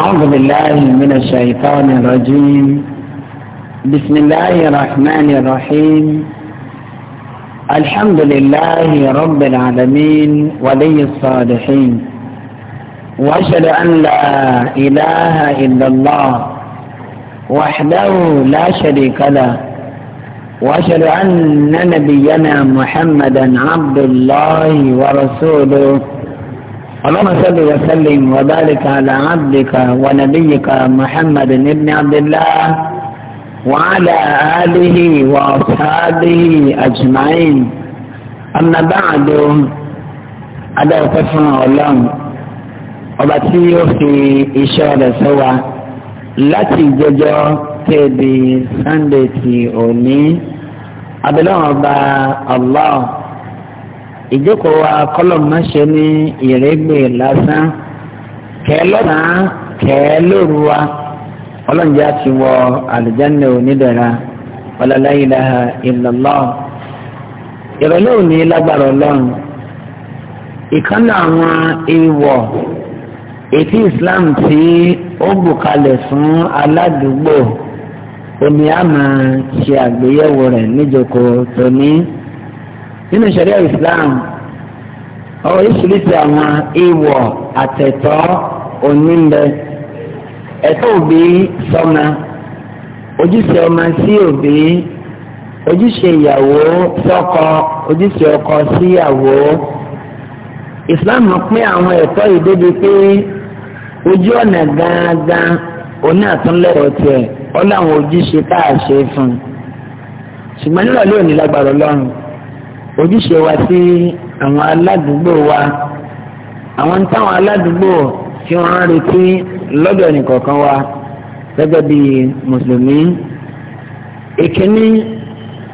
أعوذ بالله من الشيطان الرجيم بسم الله الرحمن الرحيم الحمد لله رب العالمين ولي الصالحين وأشهد أن لا إله إلا الله وحده لا شريك له وأشهد أن نبينا محمدا عبد الله ورسوله اللهم صل وسلم وبارك على عبدك ونبيك محمد بن عبد الله وعلى آله وأصحابه أجمعين أما بعد أدعو كفر الله وبتي في إشارة سوا التي ججو تبي سندتي أولي أبلغ الله ìjókòó wa kọ́lọ́mù má ṣe ní ìrẹ́gbẹ́ lásán kẹ́ẹ́ lọ́nà kẹ́ẹ́ lóru wa ọlọ́njẹ́ àti wọ àlùjáde onídẹ̀ra ọlọ́lá ìrọ̀lẹ́ òní lágbára ọlọ́run ìkànnà àwọn èèwọ̀ ètí Islam tí ó bùkalẹ̀ fún aládùúgbò omi ṣe àgbéyẹ̀wò rẹ̀ nínú ìṣẹ̀lẹ̀ Islam oríṣiríṣi àwọn ìwọ̀ àtẹ̀tọ́ onílẹ̀ ẹ̀tọ́ òbí sọma ojúṣe ọmọ sí òbí ojúṣe ìyàwó sọ́kọ ojúṣe ọkọ síyàwó Islam pín àwọn ẹ̀tọ́ yìí débi pé ojú ọ̀nà gángan oní àtúnlẹ̀rọ̀ tiẹ̀ ọ̀làwọn ojúṣe tá a ṣe fún un ṣùgbọ́n nílò lónìí ojúṣe wa sí àwọn aládùúgbò wa àwọn ń táwọn aládùúgbò tí wọ́n ń retí lọ́dọ̀ ẹnìkọ̀ọ̀kan wa gẹ́gẹ́ bí mùsùlùmí ìkíní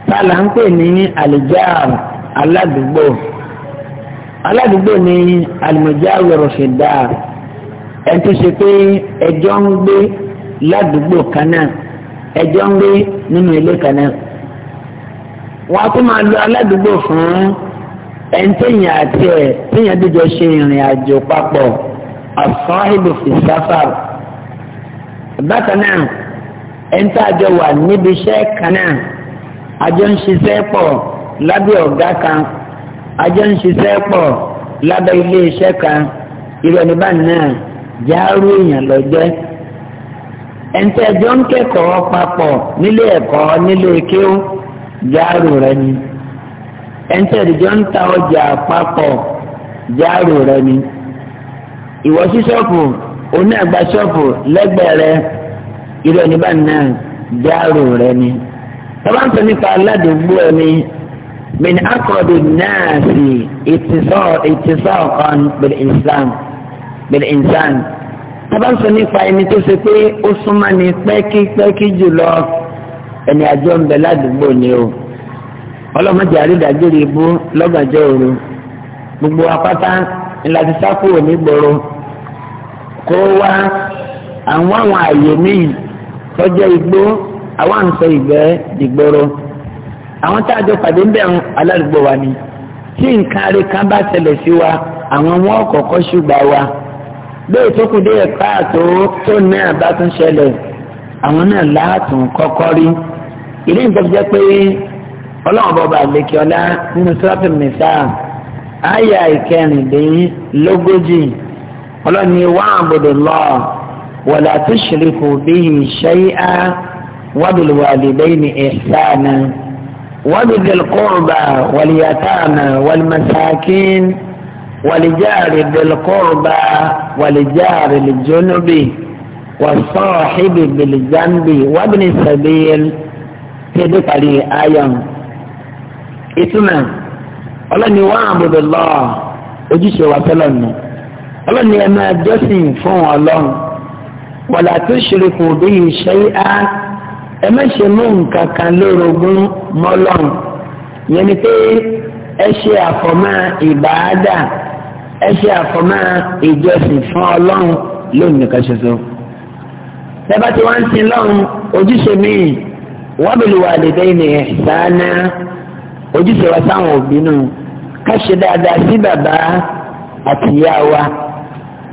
tààlà ń pè ní àlìjáàrù aládùúgbò aládùúgbò ní àlìmọ̀jáàrù rọ̀ṣẹ̀dá ẹni tó ṣe pé ẹjọ́ ń gbé ládùúgbò kan náà ẹjọ́ ń gbé nínú ilé kan náà. wọ́n tún máa fún àti ẹ̀ ṣe ìrìn àjò papọ̀ as-sahibu fi bákan náà ẹni tá a jọ wà níbi iṣẹ́ kan náà àjọ ń ṣiṣẹ́ pọ̀ lábẹ́ ọ̀gá kan àjọ ń ṣiṣẹ́ pọ̀ lábẹ́ ilé iṣẹ́ kan irú ẹni báyìí náà jáárú èèyàn lọ́jọ́ jọ ń kẹ́kọ̀ọ́ papọ̀ nílé ẹ̀kọ́ nílé kéwú. jáàrò rẹ ni ẹ̀ńtẹ̀rì jọ ń ta ọjà papọ̀ jáàrò rẹ ni ìwọ sí ṣọ́ọ̀pù oní àgbà ṣọ́ọ̀pù lẹ́gbẹ̀ẹ́ rẹ irú ẹni bá náà jáàrò rẹ ni tọ́ba ń sọ nípa aládùúgbò ẹni min akọ̀dù náà sí ìtìsọ́ ìtìsọ́ ọ̀kan pẹ̀lú Islam pẹ̀lú Islam tọ́ba nípa ẹni tó ṣe pé ó súnmọ́ ni pẹ́kípẹ́kí jùlọ ẹni àjọ ń bẹ ládùúgbò ni o ọlọ́mọdé àrídàgìrì ibú lọ́gànjọ́ òru gbogbo apáta ńlá ti sá kúrò nígboro kó wá àwọn àwọn àyè míì tọ́jọ́ igbó àwọn àǹsọ ìgbẹ́ dìgboro àwọn tá a jọ pàdé ń bẹ̀rù aládùúgbò wa ni tí nǹkan arí kan bá ṣẹlẹ̀ sí wa àwọn wọn kọ̀ọ̀kan ṣùgbà wa bẹ́ẹ̀ tó kù dé ẹ̀ka àtò tó náà bá tún ṣẹlẹ̀ àwọn náà láàtún kọ́kọ́ rí. ilé nǹkan jẹ́ pé ọlọ́run bọ́ba àlekíọ́lá nínú sọ́ọ̀tù nìsá àyà ìkẹrìndínlógójì ọlọ́run ni wà wọ́n àbòdò lọ wọ̀lá tó ṣèlékò bíi ṣẹ́yà wàdùlùwàlìbẹ́yìn ẹ̀sánà وبذي القربى واليتامى والمساكين ولجار ذي القربى ولجار الجنب والصاحب بالجنب وابن السبيل dédé parí ayọ̀n ìtumọ̀ ọlọ́ni wà àbùdó lọ ojúṣe wa tẹ́lọ̀ nù ọlọ́ni ẹ máa jọ́sìn fún ọlọ́run wàlá tó ṣeré kò bí ìṣe á ẹ má ṣe mú nǹkan kan lórogún mọ́lọ́run yẹn ni pé ẹ ṣe àfọ̀mọ́ ìbáadà ẹ ṣe àfọ̀mọ́ ìjọsìn fún ọlọ́run lónìí kan ṣoṣo. tẹ́ bá ti wá ń sin lọ́run ojúṣe míì wabil walidayni ihsana ojúṣe wa sáwọn òbí nù ká ṣe dáadáa sí bàbá àti ìyá wa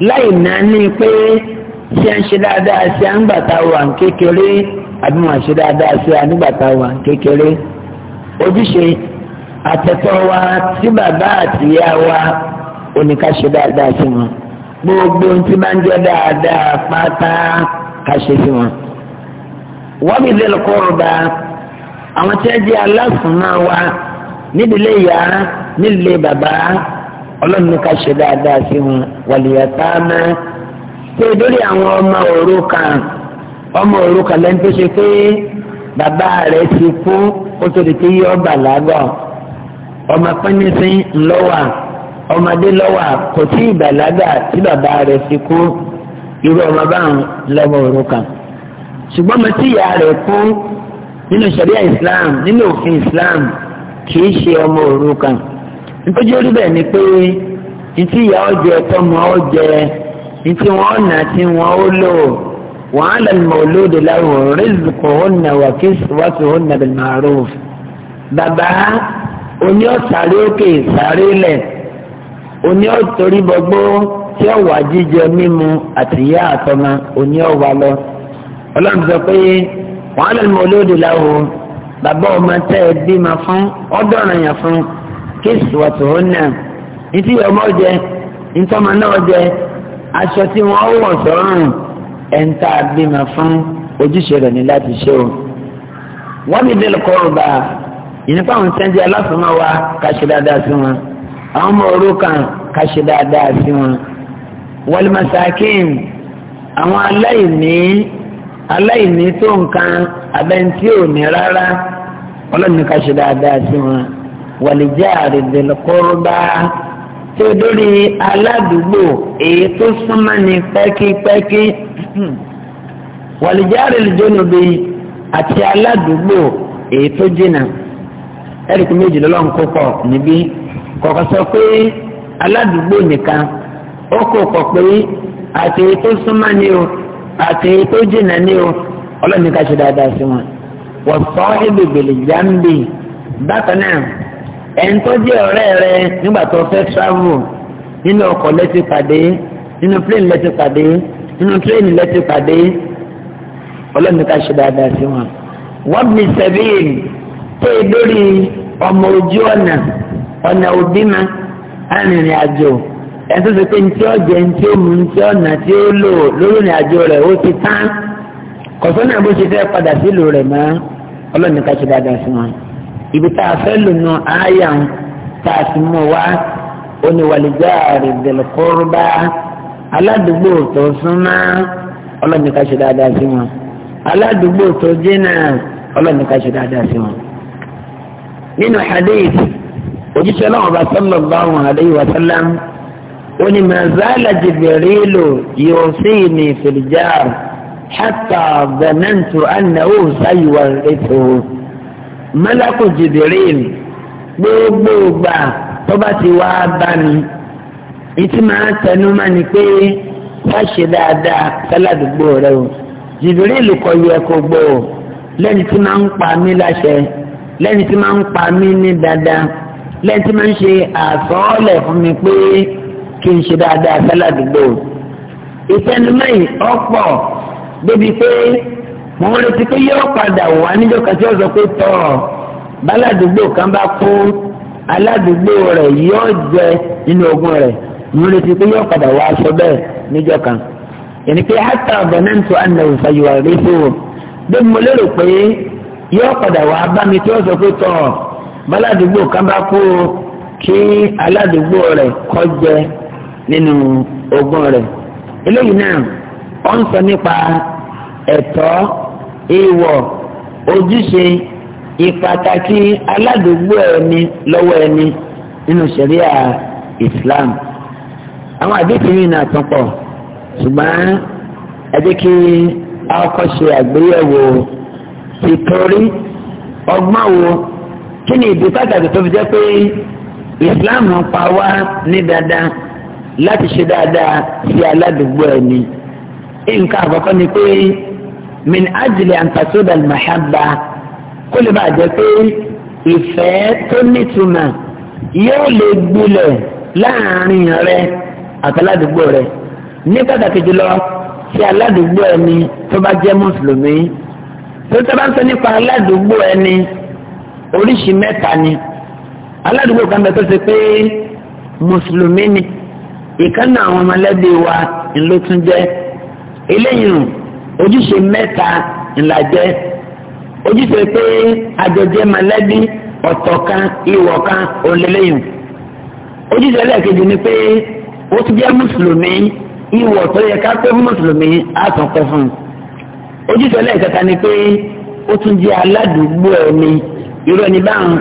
láì náání pé ṣé à ń ṣe dáadáa sí àǹgbàtà wa kékeré àbí wọn ṣe dáadáa sí àǹgbàtà wa kékeré ojúṣe àtẹ̀tọ́ wa sí bàbá àti ìyá wa oníkàṣe dáadáa sí wọn gbogbo ohun tí máa ń jẹ́ dáadáa pátá kàṣe sí wọn. wọ́n ilé lọ́kọ́rọ̀dà àwọn tí wọ́n jẹ́ aláṣùnmọ́ wa nídìílé nílé bàbá ọlọ́run ní ká ṣe dáadáa sí wọn wàlìyà sáánà pé lórí àwọn ọmọ òrukàn ọmọ òrukàn lẹ́nu tó ṣe pé bàbá rẹ̀ ti kú ó tó di pé yọ ọba làágọ̀ ọmọ pínínsín ńlọ́wà ọmọdé ṣùgbọ́n mo ti yà rẹ̀ kú nínú ṣàríà islam nínú òfin islam kì í ṣe ọmọ òrukàn nítorí orí bẹ́ẹ̀ ni pé ntí ìyá ọjẹ tọmọ ọjẹ ntí wọn nà tí wọn ó lò wọn á lẹnu mọ olóde láwùrọ rìzùkọ ọ̀nà wàkísíwàsí ọ̀nà bil ma'ruf bàbá oní ọ̀sàrí òkè sàrí lẹ̀ oní ọ̀tòrí bọ́gbó tí ọ̀wà jíjẹ mímu àtìyá àtọmọ oní ọ̀wà lọ ọlọ́run sọ pé wàhálà mọ́lódì láwo bàbá ọmọ tẹ́ ẹ bímọ fún ọdọ́ràn yẹn fún kéésì wàtò ó nà ntí ọmọ jẹ ntọ́mọ náà jẹ aṣọ tí wọ́n wọ̀ sọ́rùn ẹ̀ ń tà bímọ fún ojúṣe rẹ̀ ní láti ṣe o wọ́n mi dé lọ́kọ́ ọ̀bà ìnípa àwọn sẹ́ńdí aláfọ̀mọ́ wa ká dáadáa sí wọn àwọn ọmọ òrukàn ká dáadáa sí wọn wal masakin àwọn aláìní aláìní tó nǹkan abẹ́ntí ò ní rárá ọlọ́ni ká ṣe dáadáa sí wọn wàlíjà àrèdèlókòrúbá tí ó dórí aládùúgbò èyí tó súnmọ́ ní pẹ́kípẹ́kí wàlíjà àrèdèlójónúbi àti aládùúgbò èyí tó jìnnà ẹ̀ríkì méjì lọ́lọ́run kó pọ̀ níbí kọ̀ọ̀kan sọ pé aládùúgbò nìkan ó kò pọ̀ pé àti èyí tó súnmọ́ ní o àtẹ̀yẹ tó jìnnà ní o ọlọ́ni ká ṣe dáadáa sí wọn. wọ́n sọ ebèbèlè jáǹbì bákan náà ẹ̀ń tó jẹ́ ọ̀rẹ́ rẹ nígbà tó fẹ́ travel nínú ọkọ̀ lẹ́tì pàdé nínú plane lẹ́tì pàdé nínú train lẹ́tì pàdé ọlọ́ni ká ṣe dáadáa sí wọn. wọ́n mi sẹ́bíìn tó e lórí ọmọ ojú ọ̀nà ọ̀nà òbí ma arìnrìn àjò ẹtọ́ sọ pé ntí ọjẹ ntí omu ntí ọ̀nà tí ó lò lórí ìrìn àjò rẹ̀ ó ti tán kọ̀sọ́ náà bó ṣe fẹ́ padà sí ìlú rẹ̀ mọ́ ọlọ́ọ̀ni ká ṣe dáadáa sí wọn. ibi tá a fẹ́ lò nù ááyà ń tá a sì mú wa ó ní wàlíjà àrèdèlkórúbá aládùúgbò tó súnmọ́ ọlọ́ọ̀ni ká ṣe dáadáa sí wọn. aládùúgbò tó jìnnà ọlọ́ọ̀ni ká ṣe dáadáa sí wọn. nínú hadith òjíṣẹ́ náà ọba sallallahu alaihi wa sallam oni mazala jibirilu yusini filijar hata dhanantu annahu sayuwarithuhu malaku jibiril gbogbo gbà tó bá ti wá bá mi ìtì máa tẹnu máa ní pé fáṣe dáadáa sáládùúgbò rẹ o jibiril kò yẹ kó gbọ́ o lẹ́ni tí máa ń pa mí láṣẹ lẹ́ni tí máa ń pa mí ní dáadáa lẹ́ni tí máa ń ṣe àsọọ́lẹ̀ fún mi pé kí n ṣe dáadáa sáládùúgbò ìfẹnumẹ́yìn ọ̀pọ̀ débi pé mo ń retí pé yóò padà wà níjọ́ kan tí ó sọ pé tọ̀ báládùúgbò kan bá kú aládùúgbò rẹ̀ yóò jẹ nínú ogún rẹ̀ mo ń retí pé yóò padà wà aṣọ bẹ́ẹ̀ níjọ́ kan yẹnni pé hátà ọ̀bẹ̀nẹ́ntò ànàwò fàyèwà rí bí mo lérò pé yóò padà wà bá mi tí ó sọ pé tọ̀ báládùúgbò kan bá kú kí aládùúgbò rẹ̀ kó nínú ogún rẹ̀ eléyìí náà ó ń sọ nípa ẹ̀tọ́ ìwọ̀ ojúṣe ìpàtàkì aládùúgbò ẹni lọ́wọ́ ẹni nínú ṣẹ̀ríà Islam àwọn àdéhùn yìí náà tán pọ̀ ṣùgbọ́n ẹ jẹ́ kí a kọ́ ṣe wo kí ni ìdí pàtàkì tó fi jẹ́ pé Islam pa wá ní dandan láti ṣe dáadáa sí aládùúgbò ẹni. nǹkan àkọ́kọ́ ni pé min ajili antasoda mahaba kó lè bàa jẹ́ pé ìfẹ́ tó nítumọ̀ yóò lè gbilẹ̀ láàrin rẹ àtàládùúgbò rẹ ní pàtàkì jùlọ sí aládùúgbò ẹni tó bá jẹ́ mùsùlùmí tó sábà ń sọ nípa aládùúgbò ẹni oríṣi mẹ́ta ni aládùúgbò kan bẹ tó ṣe pé mùsùlùmí ni. na àwọn ọmọlẹ́bí wa ńlọ tún jẹ́ eléyìí ojúṣe mẹ́ta ńlá jẹ́ ojúṣe pé àjọjẹ mọ̀lẹ́bí kan kan òǹlẹ́lẹ́yìn ojúṣe ẹlẹ́ẹ̀kejì ni pé ó ti jẹ́ mùsùlùmí ìwọ̀ tó yẹ ká pé mùsùlùmí á fún ojúṣe ẹlẹ́ẹ̀kẹta ni pé ó tún jẹ́ aládùúgbò ẹni báwọn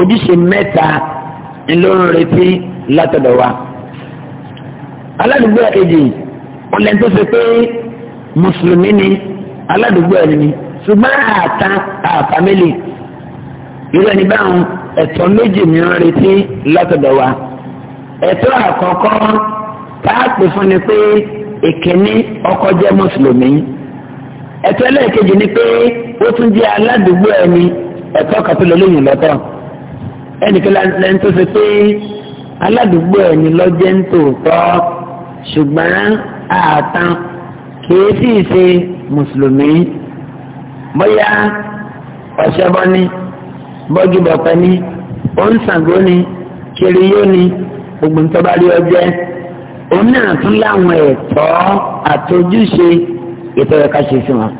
ojúṣe mẹ́ta aládùúgbò èdè ọ̀lẹ́ tó ṣe pé mùsùlùmí ni aládùúgbò ẹni ni ṣùgbọ́n àta àfàmìlì irú ẹni báwọn ẹ̀tọ́ méjì mìíràn retí látọ̀dọ̀ wa ẹ̀tọ́ àkọ́kọ́ táàpì fún ni pé ìkíní ọkọ jẹ́ mùsùlùmí ẹ̀tọ́ ẹlẹ́ẹ̀kejì ni pé ó tún jẹ́ aládùúgbò ẹni ẹ̀tọ́ kàtúlẹ̀ lóyún lọ́tọ̀ ẹnìkan lẹ́ni tó ṣe pé aládùúgbò ẹni lọ́jẹ́ ń tòótọ́ ṣùgbọ́n àtàn kìí sì ṣe mùsùlùmí bóyá ọ̀ṣẹ́bọ ni bọ́gìbọ̀pẹ́ ni òǹṣàngó ni kiriyó ni ògbóǹtọ́bárí ọjẹ́ òun náà tún láwọn ẹ̀tọ́ àtọ́júṣe ètò ẹ̀ka ṣe sí wọn.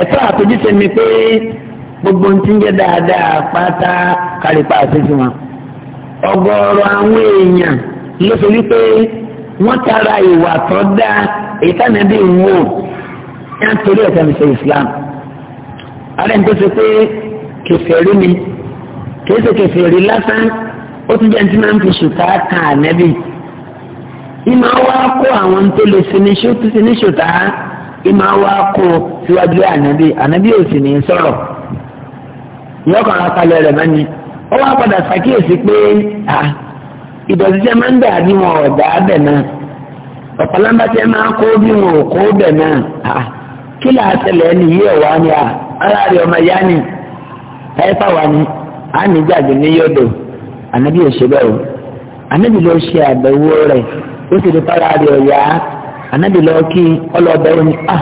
ẹ̀tọ́ àtọ́júṣe mi pé gbogbo ń ti dáadáa pátá kárípa àṣẹ sí wọn. ọ̀gọ̀ọ̀rọ̀ àwọn èèyàn ló sọ wípé wọn tara ìwà tó dáa ìtànà bí wò yá islam ara ń pé ni kìí ṣe lásán ó ti jẹ́ ní máa ń fi ṣùtá kan ànẹ́bì ìmọ̀ wá kó àwọn tó lè ṣe ní ṣùtá ìmọ̀ wá kó síwájú ànẹ́bì ànẹ́bì ò sì ìdọ̀tí tẹ́ máa ń dà bí wọn ò dà bẹ̀ náà ọ̀pọ̀lọpọ̀ tẹ́ máa ń kó bí wọn ò bẹ̀ náà kí là á tẹ̀lẹ̀ ẹni yí ni à ara ọmọ ìyá ni ẹ̀fà wà ní ní jáde ní yọ̀dọ̀ ànábì ò ṣe bẹ́ẹ̀ o ànábì ló ṣe àbẹ̀wò rẹ̀ ó sì ọ̀yá ànábì lọ kí ni à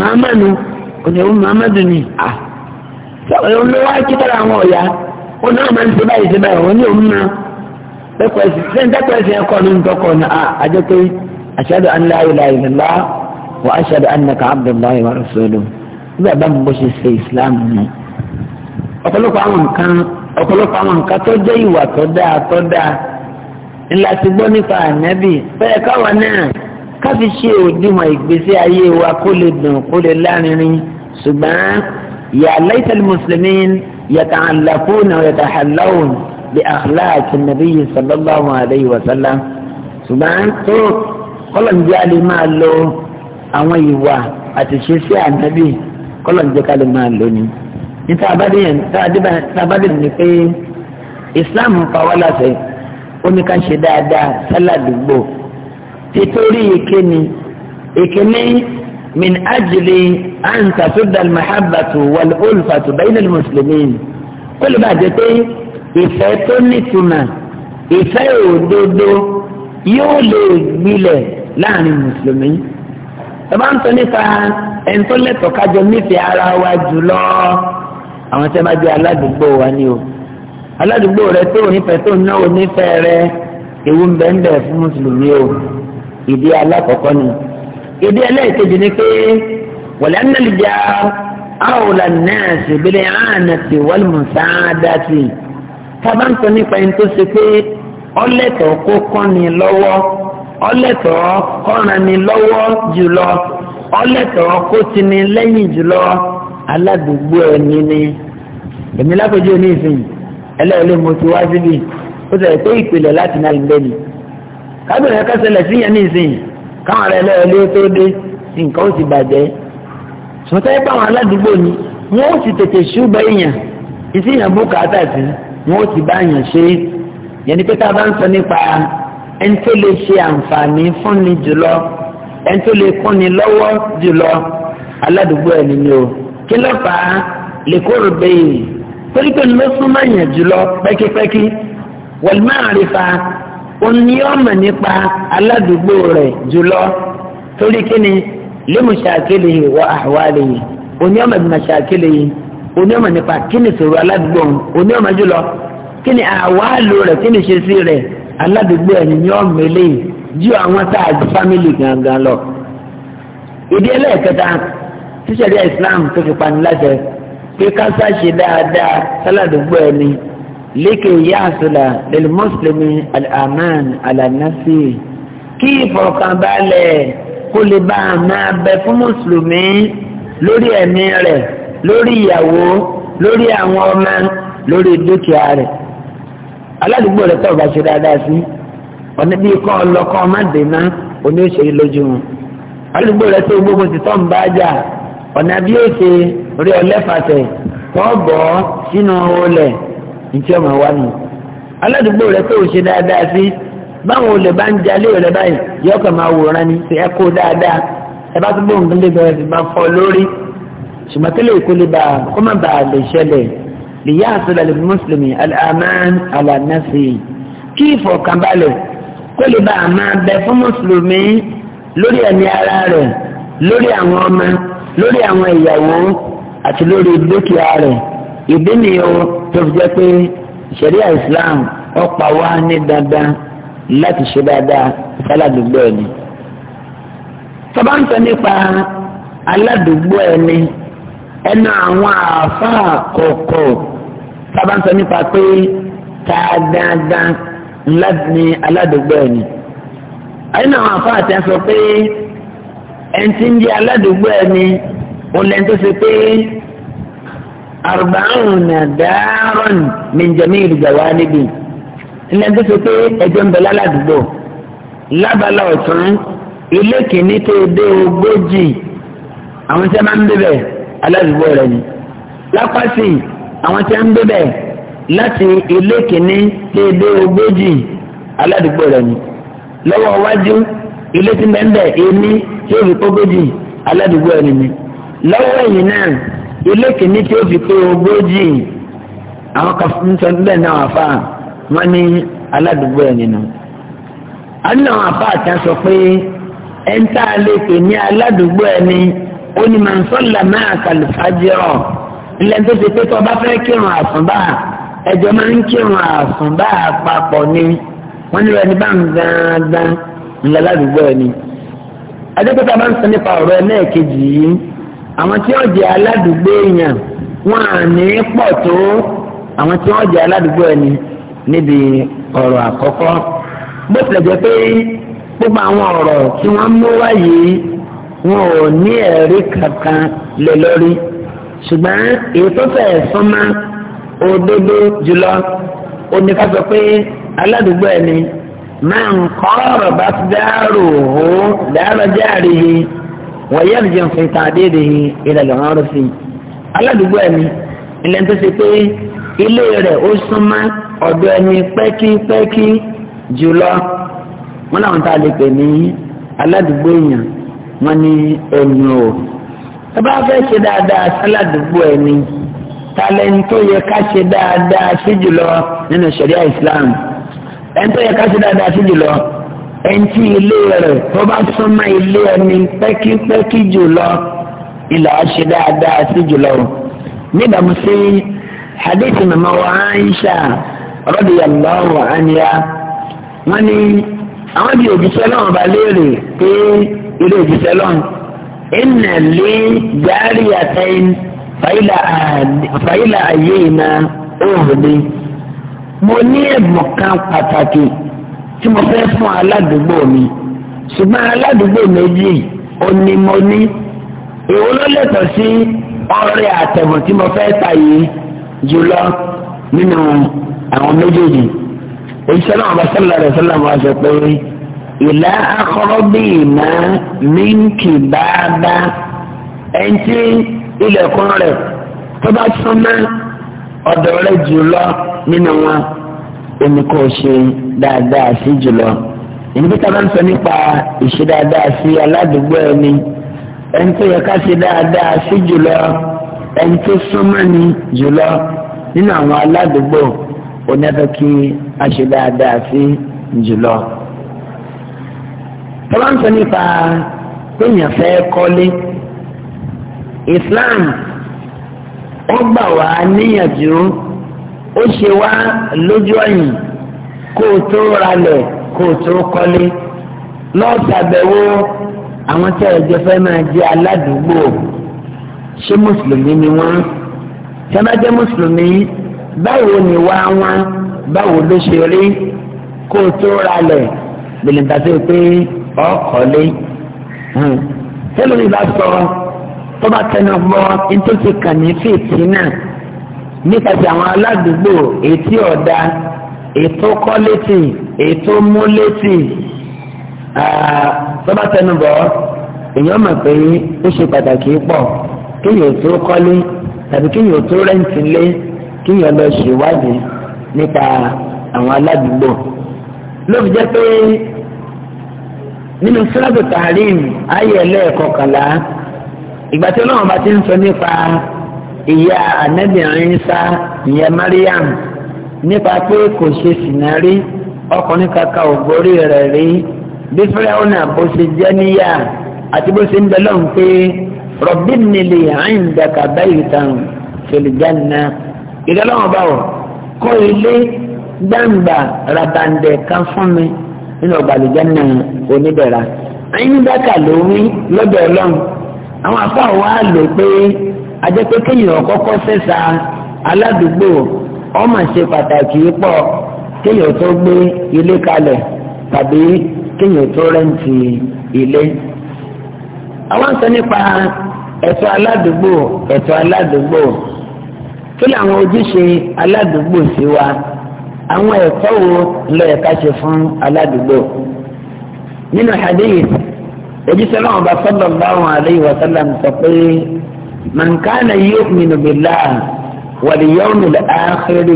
màmá màmá dùn ni à sọ̀rọ̀ ló wá kí sẹ́ńtẹ́kọ̀ẹ́sì yẹn kọ́ ní ntọ́kọ̀ ní a àjẹ́ pé ashhadu an la ilaha illallah wa ashhadu annaka abdullahi wa rasuluhu nígbà bá mi bó ṣe ṣe islam ni ọ̀pọ̀lọpọ̀ àwọn nǹkan ọ̀pọ̀lọpọ̀ àwọn nǹkan tó jẹ́ ìwà tó dáa tó dáa ńlá ti gbọ́ nípa ànábì fẹ́ẹ́ káwa náà káfi ṣe òdiwọ̀n ìgbésí ayé wa kó lè dùn kó lè lárinrin ṣùgbọ́n ya laita al-muslimin yata'allafuna wa yatahallawna بأخلاق النبي صلى الله عليه وسلم sallam ṣùgbọ́n tó kọ́lọ̀njẹ́ a lè máa lo àwọn ìwà àti ṣe sí ànábì kọ́lọ̀njẹ́ ká lè máa lò ní. ní tábàdìyàn ni pé islam pàwọ́ láṣẹ ó ní ká ṣe dáadáa sálàdúgbò títorí ìkéni ìkéni min ajili an tasudda mahabbatu wal-ulfatu bayna muslimin kó lè bàjẹ́ pé ìfẹ́ tó nítumọ̀ ìfẹ́ òdodo yóò lè gbilẹ̀ láàrin mùsùlùmí ẹ̀bá ń sọ nípa ẹni tó lẹ́tọ̀ọ́ kájọ nífẹ̀ẹ́ ara wa jùlọ àwọn tẹ́ máa jẹ́ aládùúgbò wa ni o aládùúgbò rẹ tó nífẹ̀ẹ́ tó náwó nífẹ̀ẹ́ rẹ ewu ń bẹ ń bẹ fún mùsùlùmí o ìdí alákọ̀ọ́kọ́ ni ìdí ẹlẹ́ẹ̀kejì ni pé wọ̀lẹ́ ánàlìjà àwòlà náà ṣèbílẹ̀ àánà tábà ń sọ nípa ẹni tó ṣe pé ọlẹ́tọ̀ kó kọ́ni lọ́wọ́ ọlẹ́tọ̀ lọ́wọ́ jùlọ ọlẹ́tọ̀ kó ni èmi lápẹjọ oníṣìn ẹlẹ́ẹ̀lẹ́ mo ti wá síbi ó sọ pé ìpìlẹ̀ láti náà ń bẹ́ni kábìrin ẹ̀ka ṣẹlẹ̀ sí yẹn káwọn ará ẹlẹ́ẹ̀lẹ́ tó dé nǹkan ó ti bàjẹ́ sọtẹ́ báwọn aládùúgbò ni wọ́n ó tètè ṣú sí wọn ó ti bá yàn ṣe yẹn ni pé tá a bá ń sọ nípa ẹni tó lè ṣe àǹfààní fúnni jùlọ ẹni tó lè kúnni lọ́wọ́ jùlọ aládùúgbò ẹni ni o kí ló fà á lè kóró bẹ́ẹ̀ torí pé ló súnmọ́ yàn jùlọ pẹ́kípẹ́kí wal ma'rifa òní ọmọ nípa aládùúgbò rẹ̀ jùlọ torí kí ni lè mú ṣàkélé wa ahwalihi òní ọmọ bí mo yìí onímọ̀ nípa kí ni ìṣòro aládùúgbò òun onímọ̀ jùlọ kí ni àwáàlò rẹ̀ kí ni ìṣesí rẹ̀ aládùúgbò ẹni ní ọmọ eléyìí ju àwọn tá a ju fámìlì gangan lọ. ìdí ẹlẹ́ẹ̀kẹta tíṣẹ̀rí Islam tó fi pani láṣẹ pé kásá ṣe dáadáa sáládùúgbò ẹni lékè yáàsùlà lil mùsùlùmí al-aman alanasi kí ìfọ̀kànbalẹ̀ kó lè bá a máa bẹ fún mùsùlùmí lórí ẹ̀mí rẹ̀. lórí ìyàwó lórí àwọn ọmọ lórí dúkìá rẹ̀ aládùúgbò rẹ̀ bá ṣe dáadáa sí ọ̀nà bíi kọ́ ọlọ́kọ́ ọmọdéná oní òṣèré lójú wọn aládùúgbò tó ti tọ́ ń bá jà ọ̀nà bí ó ṣe rí ọlẹ́fàṣẹ kọ́ bọ́ sínú olè ntí ọmọ wa nù aládùúgbò rẹ̀ tó ṣe dáadáa sí báwọn olè bá ń báyìí yọkàn máa wòran ni ẹ kó dáadáa ẹ bá tó gbóhùn ti bá fọ lórí ṣùgbọ́n kí lè kó lè bá kó má bàa lè ṣẹlẹ̀ lè yá àṣìlẹ̀ lè mùsùlùmí al-aman ala nafsi kí ìfọ̀kànbalẹ̀ kó lè bá a máa bẹ fún mùsùlùmí lórí ẹ̀mí ara rẹ̀ lórí àwọn ọmọ lórí àwọn ìyàwó àti lórí dúkìá rẹ̀ ìdí nìyó tó fi jẹ́ pé ṣẹ̀ríà Islam ó pa wá ní dandan láti ṣe dáadáa sáládùúgbò ẹni. tọ́ba ń sọ nípa aládùúgbò ẹni ẹnu àwọn àáfàá kọ̀ọ̀kọ̀ sábà ń sọ nípa pé ta dandan ńlá aládùúgbò ẹ̀ ni. ẹnu àwọn àáfàá tẹ́ sọ pé ẹn ń aládùúgbò ẹ̀ ni wọ́n lẹ́nu tó ṣe pé àrùbáhùnà dáárọ̀n mìjẹ̀mí ìrìjàwá níbi lẹ́nu tó ṣe pé ẹjọ́ ń bẹ láládùúgbò lábala ọ̀tún ilé kìíní tó dé ogójì àwọn tí a aládùúgbò rẹ̀ ni. lápásì àwọn tí a ń gbé bẹ̀ láti ilé kìíní déédé ogójì aládùúgbò rẹ̀ ni. lọ́wọ́ wájú ilé tí mẹ́ńbẹ̀ ení tí ó fi ogójì aládùúgbò rẹ̀ ni. lọ́wọ́ ẹ̀yìn náà ilé kìíní tí ó fi pé ogójì àwọn kan ń sọ bẹ́ẹ̀ náà wà fáà wọ́n ní aládùúgbò rẹ̀ nínú. a ní àwọn àfáà sọ pé ẹ̀ ń tá a lè pè ní aládùúgbò ẹni ó ní màá sọ́là máa kàlùfájìrọ̀ ilẹ̀ tó ti pé tó bá fẹ́ kírun àsùnbà ẹjọ́ máa ń kírun àsùnbà papọ̀ ni wọ́n nílò ẹni bá ń gángan ńlá ládùúgbò ẹni. adékòtà bá ń sọ nípa ọ̀rọ̀ ẹlẹ́ẹ̀kejì yìí àwọn tí wọ́n jẹ́ aládùúgbò èèyàn wọ́n à ní pọ̀ tó àwọn tí wọ́n jẹ́ aládùúgbò ẹni níbi ọ̀rọ̀ àkọ́kọ́ bó tilẹ̀ jẹ́ pé gbogbo àwọn ọ̀rọ̀ tí wọ́n mú wáyé wọn ò ní ẹ̀rí kankan lé lórí ṣùgbọ́n èyí tó fẹ́ sọ́mà òdodo jùlọ oníkàtọ pé aládùúgbò ẹni máa ń kọ́ ọ̀rọ̀ bá ti dárò ó dárò járe yìí wọ́n yẹ́ ẹ̀rìjẹ̀ fún ìtàn àdéhùn ìrẹ̀lẹ̀ wọn rọ̀ sí i aládùúgbò ẹni ilẹ̀ tó ṣe pé ilé rẹ̀ ó súnmọ́ ọ̀dọ̀ ẹni pẹ́kípẹ́kí jùlọ wọn làwọn tá a lè pè ní aládùúgbò èèyàn wọ́n ní ẹnu o ẹ bá fẹ́ ṣe dáadáa sáládùúgbò ẹni talẹ́ntó yẹ ká ṣe dáadáa sí jùlọ nínú ṣẹ̀ríà Islam ẹ̀ńtó yẹ ká ṣe dáadáa sí jùlọ ẹ̀ńtí ilé rẹ̀ tó bá súnmọ́ ilé ẹni pẹ́kípẹ́kí jùlọ ilà ṣe dáadáa sí jùlọ nígbàmú sí hadithi mama wa Aisha radiyallahu anha wọ́n ní àwọn ibi òjíṣẹ́ lọ́wọ́ bá léèrè pé ilé òjíṣẹ́ lọ́wọ́ ìnà lé gbárí àtẹ́yìn fàyílà ayé iná òhùnmi mo ní ẹ̀bùn kan pàtàkì tí mo fẹ́ fún aládùúgbò mi ṣùgbọ́n aládùúgbò méjì òní mo ní èwo ló lẹ́tọ̀ọ́ sí ọrẹ àtẹ̀bùn tí mo fẹ́ ta yìí jùlọ nínú àwọn méjèèjì òṣìṣẹ́ náà bá sọ́lá rẹ̀ sọ́lá máa sọ pé ìlà akọ́rọ́bìnà mínkì bàbá ẹni tí ilẹ̀kùn rẹ̀ tó bá súnmọ́ ọ̀dọ̀ rẹ̀ jùlọ nínú wọn èmi kò ṣe dáadáa sí jùlọ. ìníbi tá a bá ń sọ nípa ìṣe dáadáa sí aládùúgbò ẹni ẹni tó yẹ ká ṣe dáadáa sí jùlọ ẹni tó súnmọ́ ni jùlọ nínú àwọn aládùúgbò. o kí a ṣe dáadáa sí nípa péyàn fẹ́ kọ́lé Islam ó gbà wá níyànjú ó ṣe wá lójú ọ̀yìn kó o tó ralẹ̀ kó o tó kọ́lé lọ́ọ̀tàbẹ̀wò àwọn tí fẹ́ máa jẹ aládùúgbò ṣé mùsùlùmí báwo ni wá wọn báwo ló ṣe rí kó o tó ralẹ̀ gbèlèǹtà sí pé ọkọ̀lé tẹ́lẹ̀ hmm. bá sọ tó bá tẹnu bọ́ nítòsí kàn ní fèsì náà nípasẹ̀ àwọn aládùúgbò ètí ọ̀dà ètò kọ́létì ètò múlétì tó bá tẹnu bọ́ èèyàn mọ̀ pé ó ṣe pàtàkì pọ̀ kéèyàn tó kọ́lé tàbí kéèyàn tó rẹ́ǹtì lé kéèyàn lọ ṣèwádìí nípa àwọn aládùúgbò lóbi jẹ́ pé nínú sọ́dọ̀ tààrin ayé ẹlẹ́ẹ̀kọkànlá ìgbà tí ọlọ́run bá ti ń sọ nípa ìyá ànẹ́bìnrin sá ìyẹn Mariam nípa pé kò ṣe sìnà rí ọkùnrin kankan ò borí rẹ̀ rí bí fúláwọ́nà bó ṣe jẹ́ níyà àti bó ṣe ń bẹ pé rọ̀bìnrin lè báyìí tàn fil janna. ìdálọ́wọ́n bá wọ̀ kọ́ ilé gbàǹgbà rabandẹ̀ kan fún mi nínú ọ̀gbàlùjẹ́ náà oníbẹ̀rà ayíǹdàkà ló wí lọ́dọ̀ ọlọ́run àwọn afọ wa lò pé ajẹ́pẹ́ kéèyàn kọ́kọ́ sẹ́sà aládùúgbò ọmọ ṣe pàtàkì pọ kéèyàn tó gbé ilé tàbí kéèyàn tó ilé. àwọn sọ nípa kí làwọn ojúṣe aládùúgbò sí wa àwọn ẹ̀kọ́ wo ló yẹ ká ṣe fún aládùúgbò nínú hadith ojúṣe náà bá sallallahu alayhi wa sallam sọ pé man kana yu'minu billahi wal yawmil akhir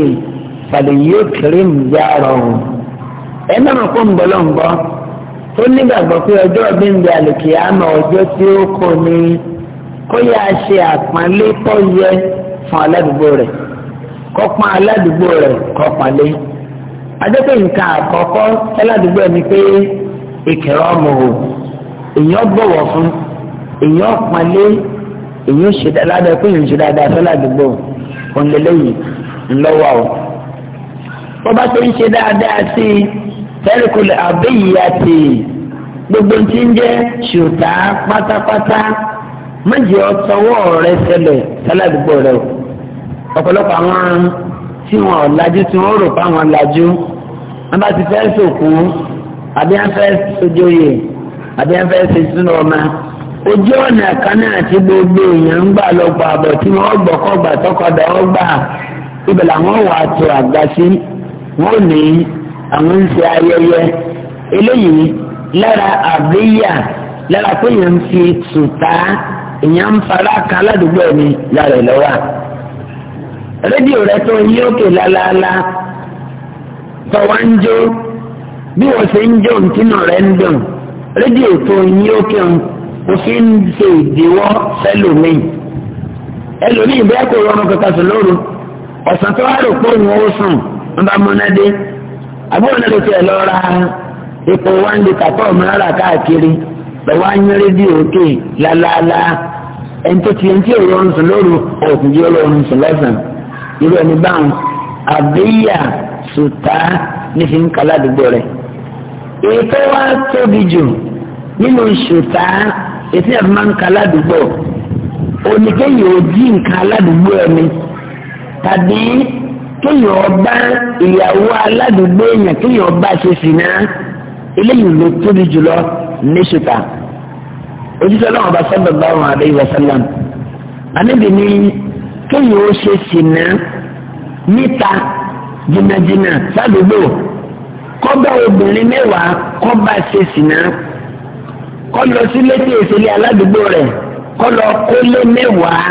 falyukrim jarahu ẹ̀ náà kó ń bọ́ lọ́nbọ́ tó nígbàgbọ́ pé ọjọ́ ọdún ìgbà àlùkìyàmọ̀ ọjọ́ tí ó kò ní kó yá ṣe àpọ́nlé pọ̀ yẹ fún aládùúgbò rẹ kọ́pá aládùúgbò rẹ̀ kọ́pàlẹ́ adẹ́pẹ́ nǹkan àkọ́kọ́ aládùúgbò ẹni pé ìkẹ̀rọ̀ ọmọ o èèyàn bọ̀wọ̀ fún èèyàn pàlẹ́ èèyàn ṣe dáadáa pé èèyàn ṣe dáadáa fẹ́ ládùúgbò òǹlẹ́lẹ́yìn o bá ṣe ń ṣe dáadáa sí i gbogbo ti ń jẹ́ ṣùtá méjì ọsọwọ́ rẹ ṣẹlẹ̀ sáládùúgbò rẹ o ọ̀pọ̀lọpọ̀ àwọn tí wọn lajú tí wọn rò fáwọn lajú wọn bá ti fẹ́ sòkú àbí wọn fẹ́ sojú oyè àbí wọn fẹ́ ṣe sínú ọmọ ojú ọ̀nà kan náà ti gbogbo èèyàn ń gbà lọ́pọ̀ àbọ̀ tí gbà làwọn wà á tó àgbà ìyẹn ń fara kan aládùúgbò ẹni yàrá ìlọ́wà rédíò rẹ tó yí òkè lálálá tọwọ́ ń jó bí wọ́n ṣe ń jó ntínú rẹ̀ ń dùn rédíò tó yí òkè ń òfin ń ṣe ìdíwọ́ fẹ́lòmíì ẹlòmíì bẹ́ẹ̀ kò rọrùn kankan sùn lóru ọ̀sán tó wá rò pé òun ó sùn ń bá múnádé àbúrò náà ló tiẹ̀ lọ ra epo wáńdí kàtọ́ káàkiri lọ́wọ́ anyi rédíò òkè lálálá ẹni tó tiẹ̀ tí òun ń sùn lóru òkùn jẹ́ òun sùn lọ́sàn irú ẹni báwọn àbíyà sùtá nífi ń kala àdúgbò rẹ̀ ètò wa tóbi jù nínú sùtá ètò ẹ̀fọ́ máa ń kala àdúgbò oníkéyìí ò dí nǹkan aládùúgbò ẹni tàbí kéèyàn ọba ìyàwó aládùúgbò èèyàn kéèyàn ọba ṣe sì náà eléyìí ló tóbi jùlọ ní ṣùtà òjíṣẹ́ náà ọba sallallahu alayhi wa sallam àníbi ní kéèyàn ó ṣe sìnà níta jìnnàjìnnà sádùúgbò kọ́bá obìnrin mẹ́wàá kọ́bá ṣe sìnà kọ́ lọ sí létí ìṣẹ̀lẹ̀ aládùúgbò rẹ̀ kọ́ lọ kólé mẹ́wàá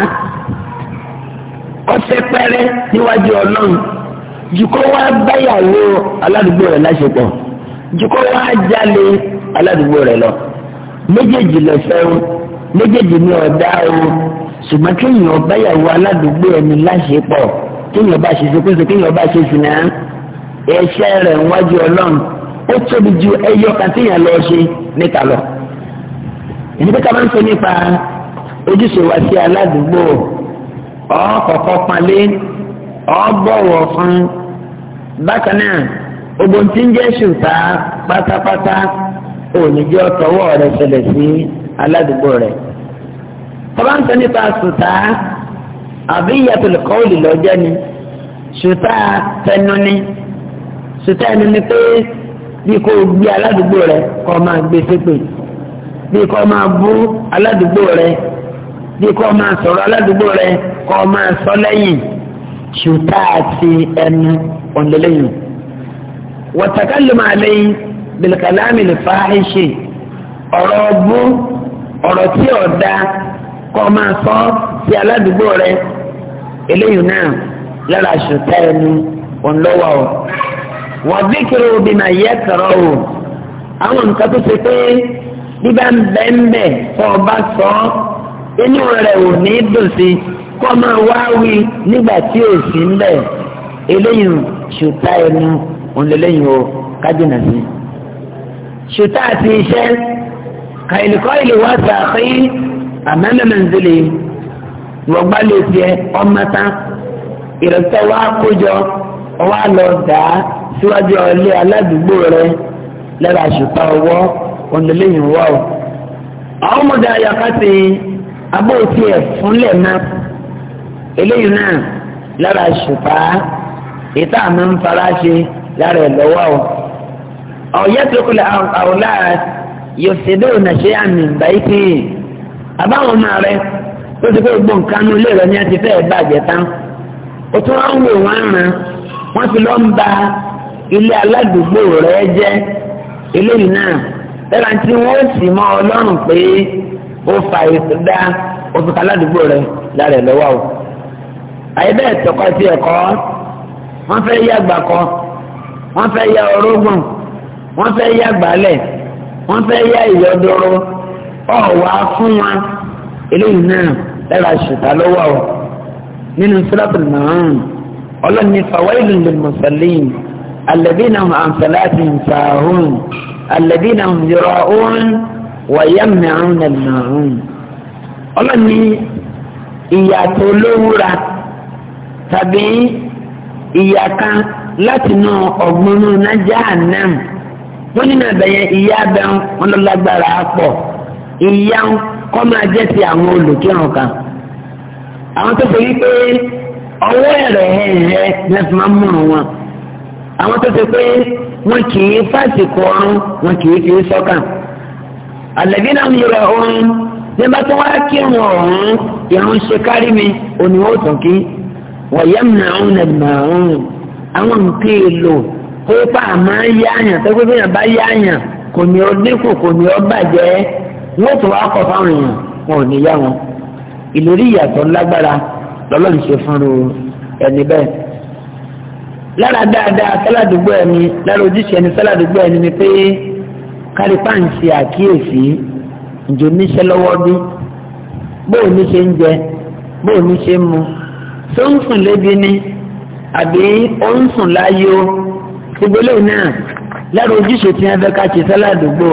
ọsẹ pẹrẹ níwájú Ọlọ́run jùkọ wá báyàwó aládùúgbò rẹ̀ láṣepọ̀ jùkọ wá jalè aládùúgbò rẹ̀ lọ méjèèjì lẹ̀fẹ́ o méjèèjì ni ọ̀dá o ṣùgbọ́n kéèyàn ọba ìyàwó aládùúgbò ẹni láṣepọ̀ kéèyàn ọba ṣe ṣekúṣe kéèyàn ọba ṣe ṣìnà ẹ̀ṣẹ̀ rẹ̀ wájú ọlọ́run ó tóbi ju ẹyọ kan téèyàn lọ ṣe níta lọ. èyí pé ká máa ń sọ nípa ojúṣe wa sí aládùúgbò ọ̀ọ́kọ̀ọ̀kọ̀ panlé ọ̀ọ́bọ̀wọ̀ fún bákan náà ogun tí ń jẹ́ ṣùtá pátápátá onídìí ọ̀tọ̀wọ́ rẹ̀ ṣẹlẹ̀ sí aládùúgbò rẹ̀. bàbá ń sọ nípa sùtá àbí ìyàtọ̀ lùkọ́ òlì lọ́jọ́ ni sùtá tẹnu ni sùtá ẹnu ni pé bí kò gbé aládùúgbò rẹ̀ kó máa gbé ṣépè bí kò máa bú aládùúgbò rẹ̀ bí kò máa sọ̀rọ̀ aládùúgbò rẹ̀ kó máa sọ lẹ́yìn sùtá àti ẹnu òǹdẹ̀lẹ́yìn wọ́tàkàlùmọ̀ àlẹ́yìn. bilkalami lè fa àìṣe ọbụ ọgbọ́n tí ò da kọ́ máa sọ sí aládùúgbò rẹ eléyìí náà lára àṣùtá ẹnu òǹlọ́wọ́ o wọ́n bí kiri obì máa yẹ kọ̀rọ̀ o àwọn nǹkan tó ṣe pé bíbá ń bẹ́ ń bẹ̀ kọ́ ọ sọ ọ́ inú rẹ̀ ò ní dùn sí kọ́ máa wá wí nígbà tí ń eléyìí o kájínà sí i. ṣùtá àti iṣẹ́ kàìlìkọ́ ìlú wá sàkí àmẹ́mẹ́mẹ́nzìlì wọ́gbá lè tiẹ̀ ọmọta ìrẹsẹ̀ wá kójọ wá lọ dà á síwájú ọlẹ́ aládùúgbò rẹ lẹ́la ṣùtá ọwọ́ ọ̀nàlẹ́yìn wà ó. àwọn ọmọdé ayakásí abóòtí ẹ̀ fúnlẹ̀ náà eléyìí náà lára ṣùpá ìta àmì ń faraṣe lára ẹ̀ lọ́wọ́ ọ̀. أو يترك الأولاد يفسدون شيئا من بيته أباهم ماري tó ti pé gbogbo nǹkan ilé a ti fẹ́ bàjẹ́ tán o tún wá ń wò wọ́n ràn wọ́n ti lọ ń ba ilé aládùúgbò rẹ̀ jẹ́ eléyìí náà lẹ́la tí wọ́n sì ọlọ́run pé ó fa òfìkà aládùúgbò rẹ̀ lọ́wọ́ o. àyè bẹ́ẹ̀ tọkọ sí ẹ̀kọ́ wọ́n fẹ́ yá gbàkọ́ wọ́n fẹ́ wọ́n fẹ́ yá gbálẹ̀ wọ́n fẹ́ yá ìyọdọrọ ọwọ́ fún wa eléyìí náà lára ṣùtà lọ́wọ́ o nínú sọ́dọ̀tì náà ọlọ́ni fàwáìlì lèmọ̀sálìn alẹ́bínà àǹfààní ìfàhùn alẹ́bínà yọrọ òun wàyà mẹ́rin nàlùmọ́rún ọlọ́ni ìyàtọ̀ olówúra tàbí ìyàkan látinú ọ̀gbọ́nú nájà náà wọ́n nínú ẹ̀bẹ̀ yẹn ìyá abẹ́ wọn lọ lágbára pọ̀ ìyá kọ́ máa jẹ́ ti àwọn olùkírun kan àwọn tó ṣe wípé ọwọ́ ẹ̀rẹ̀ ẹ̀rẹ̀ ní ẹ̀sìn máa ń múrun wọn àwọn tó ṣe pé wọn kì í fásitì ọrùn wọn kì í fi sọ́kàn àlẹ́bí náà ń yọrọ ọrùn nígbà tó wá kírun ọ̀hún ìrún ṣe kárí mi òní ó tàn kí wọ̀nyẹ́mìnà ọ̀hún ẹ̀mìnà ọ̀hún àwọn nǹkan èlò kó fà máa yá àyàn tó yàn bá kò ní ọ dínkù kò ní ọ bàjẹ́ wọ́n tún wá kọ fáwọn èèyàn wọn ò ní yá wọn ìlérí ìyàtọ̀ lágbára lọ́lọ́run ṣe fún un ẹni bẹ́ẹ̀. lára dáadáa sáládùúgbò ẹni lára ojúṣe ẹni sáládùúgbò ẹni ni pé ń ṣe àkíyèsí ǹjọ́ níṣẹ́ lọ́wọ́ bí ní ṣe ń jẹ ní ṣe ń mu tó ń sùn ni àbí ó ń sùn láyé gbogbo eléyìí náà lára ojúṣe tí wọn fẹ́ ká ṣe sáládùúgbò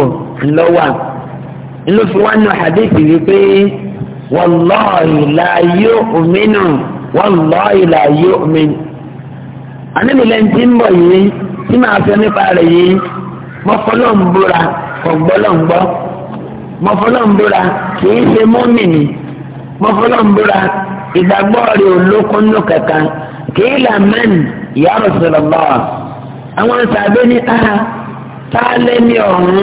ńlọ́wà ńlọ́fi wá nù hadith wípé wallahi la yu'minu wallahi la yu'minu. àníbìlẹ̀ ń ti ń bọ̀ yìí tí màá fẹ́ nípa rẹ̀ yìí mọ́fọ́lọ́ ń búra kọ̀gbọ́lọ́ ń gbọ́ mọ́fọ́lọ́ ń búra kìí ṣe mọ́mìnì mọ́fọ́lọ́ ń búra ìgbàgbọ́ rẹ̀ olókùnrin kankan kìí làmẹ́ni ya Rasulullah àwọn sàbẹ̀ ní a ah, tá a lé ní ọ̀hún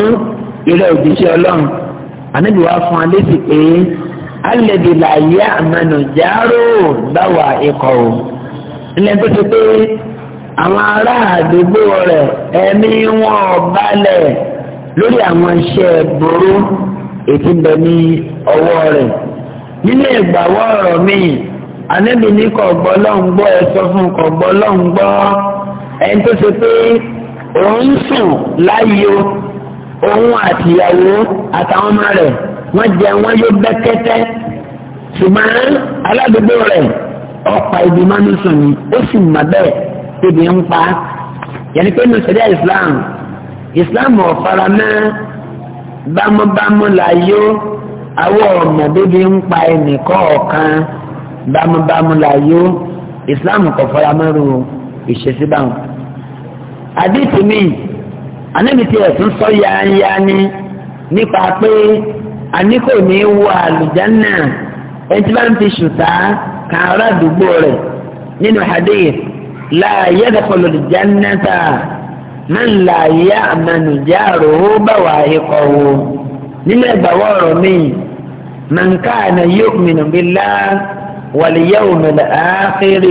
ìrẹ́ òjíṣẹ́ ọlọ́run ànábì wá fún alẹ́sì pé alẹ́bí là yá àmàlù járó báwa ikọ̀ o ilẹ̀ tó ti pé àwọn ará àdúgbò rẹ̀ ẹ̀mí wọn balẹ̀ lórí àwọn iṣẹ́ burú ètí bẹ ní ọwọ́ rẹ̀ nínú ìgbàwọ́ ọ̀rọ̀ mi ànábì ní kò gbọ́ lọ́n gbọ́ ẹ sọ fún kò gbọ́ lọ́n ẹni tó ṣe pé òun sùn láyò òun àtìyàwó àtàwọn ọmọ rẹ̀ wọ́n jẹ wọ́n yóò bẹ́kẹ́tẹ́ ṣùgbọ́n aládùúgbò rẹ̀ ọ̀pá ibi mánúsùn ni ó sì mà bẹ́ẹ̀ tóbi ń pa yẹnni pé nùsẹ̀dá Islam Islam ọ̀fara mẹ́ bámúbámú láyò àwọn ọmọ bíbí ń pa ẹnì kọ̀ọ̀kan bámúbámú láyò Islam kò fara mẹ́rù ìṣesí báwọn àdìsí mi ànábìtì ẹ̀sùn sọ yaanyani nípa pé àníkò ní wọ àlùjánà ẹtí bá ń fi ṣùtá kan ará àdúgbò rẹ̀ nínú hadith la yadkhulu al-jannata man la ya'manu jaruhu bawa'iqahu nínú ẹgbàwọ́ ọ̀rọ̀ mi man kana yu'minu billahi wal yawmil akhir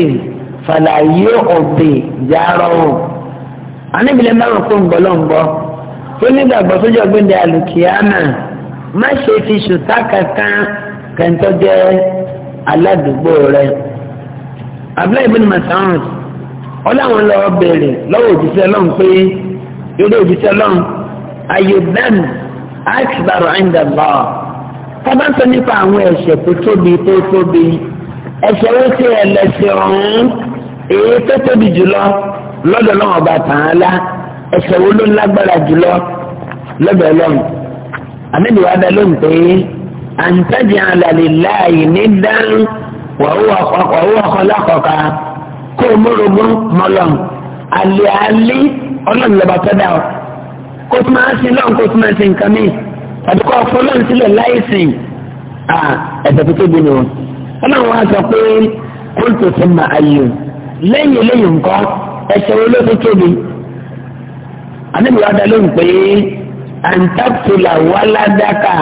fala yu'dhi jarahu anábìlẹ̀ márùn kó ń bọ̀ lọ́n bọ̀ tó nígbàgbọ́ sójú ọgbẹ́ndẹ́ alùkìyàmà má ṣe fi ṣùtá kankan kẹ́ńtọ́ jẹ́ aládùúgbò rẹ̀ abúlé ibn Mas'ud ọláwọn lọ bèrè lọ́wọ́ òjíṣẹ́ ọlọ́run pé eré òjíṣẹ́ ọlọ́run ayọ̀dán akbar inda Allah tábà ń sọ nípa àwọn ẹ̀ṣẹ̀ tó tóbi tó tóbi ẹ̀ṣẹ̀ wọ́n ti ẹ̀lẹ́sẹ̀ ọ̀hún èyí tó tóbi jùlọ lọ́dọ̀ náà ọba tààlà ẹ̀ṣẹ̀ wo ló ń lágbára jùlọ lọ́dọ̀ ọlọ́run àmì wàá dá lóhùn pé àǹtàjì àlàlè láàyè ní dáhùn wàhùwà kọlákọ̀ọ́ka kó o mórogún mọ́lọ́n àlẹ́ àlẹ́ ọlọ́run lọ́ba tọ́da ọ kó tó máa sin lọ́run kó tó máa sin nǹkan mi tàbí kó ọkọ lọ́run sílẹ̀ láìsìn ẹ̀sẹ̀ tó tóbi ni wọn. ọlọ́run wá sọ pé kó tó sọ ayò lẹ́yìn lẹ́yìn nǹkan ẹ̀ṣẹ̀ wo ló fi tóbi anábìwá dá lóhùn pé àǹtàkùlà wàládàkà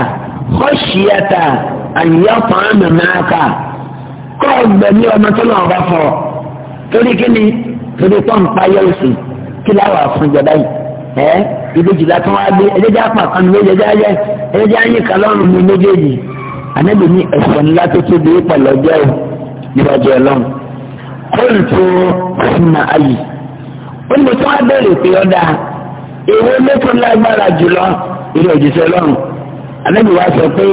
kọ́ṣíyàtà àyọ̀pọ̀ àmàmáàkà kọ́ ọgbẹ̀mí ọmọ tó náà bá fọ̀ torí kíni torí pọ́ǹpá yóò sì kí láwà fún ìjọba yìí ẹ ìbejì látọ̀ wá dé ẹjẹjẹ apá kan ní ẹjẹjẹ ayẹ ẹjẹjẹ ayé kan lọ́rùn mi méjèèjì anábì ní ńlá tó tóbi pẹ̀lú ọjọ́ ìwájú ọlọ́run kóòtù ọ̀sùn máa ayì ó ní mo tún wá béèrè pé ọ̀dà èwo lẹ́tọ́ lágbára jùlọ ilé òjìṣẹ́ ọlọ́run alẹ́bí wa sọ pé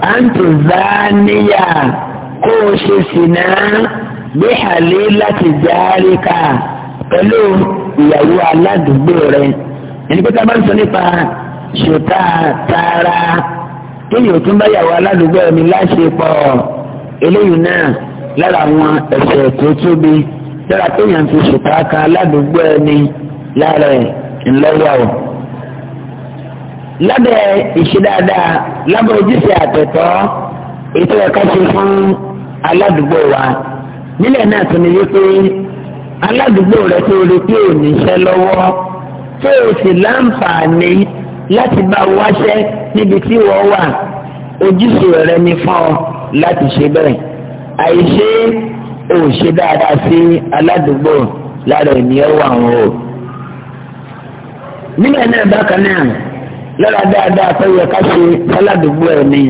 à ń tò zá níyà kó o ṣe sì náà gbé àlè láti járe ká pẹ̀lú ìyàwó aládùúgbò rẹ̀ ẹni pé tábà ń sọ nípa ṣòtá tààrà kéèyàn tún bá yàwó aládùúgbò mi láṣepọ̀ eléyìí náà lára àwọn ẹ̀ṣẹ̀ tó tóbi dára pé yàn fi ṣùtá kan aládùúgbò ẹni lára ẹ̀ ńlọ́wọ́ o. lábẹ́ ìṣe dáadáa lábẹ́ ojúṣe àtẹ̀tọ́ ètò ẹ̀ka ṣe fún aládùúgbò wa nílẹ̀ náà tún ni wípé aládùúgbò rẹ tó rí pé ò níṣẹ́ lọ́wọ́ tó o sì láǹfààní láti bá wáṣẹ́ níbi tí wọ́n wà ojúṣe rẹ ni fún ọ láti ṣe bẹ́ẹ̀ àìṣe ò ṣe dáadáa sí aládùúgbò lára ènìyàn wà wọn o. nígbà náà bákan náà lára dáadáa tó yẹ ká ṣe aládùúgbò ẹ̀ ni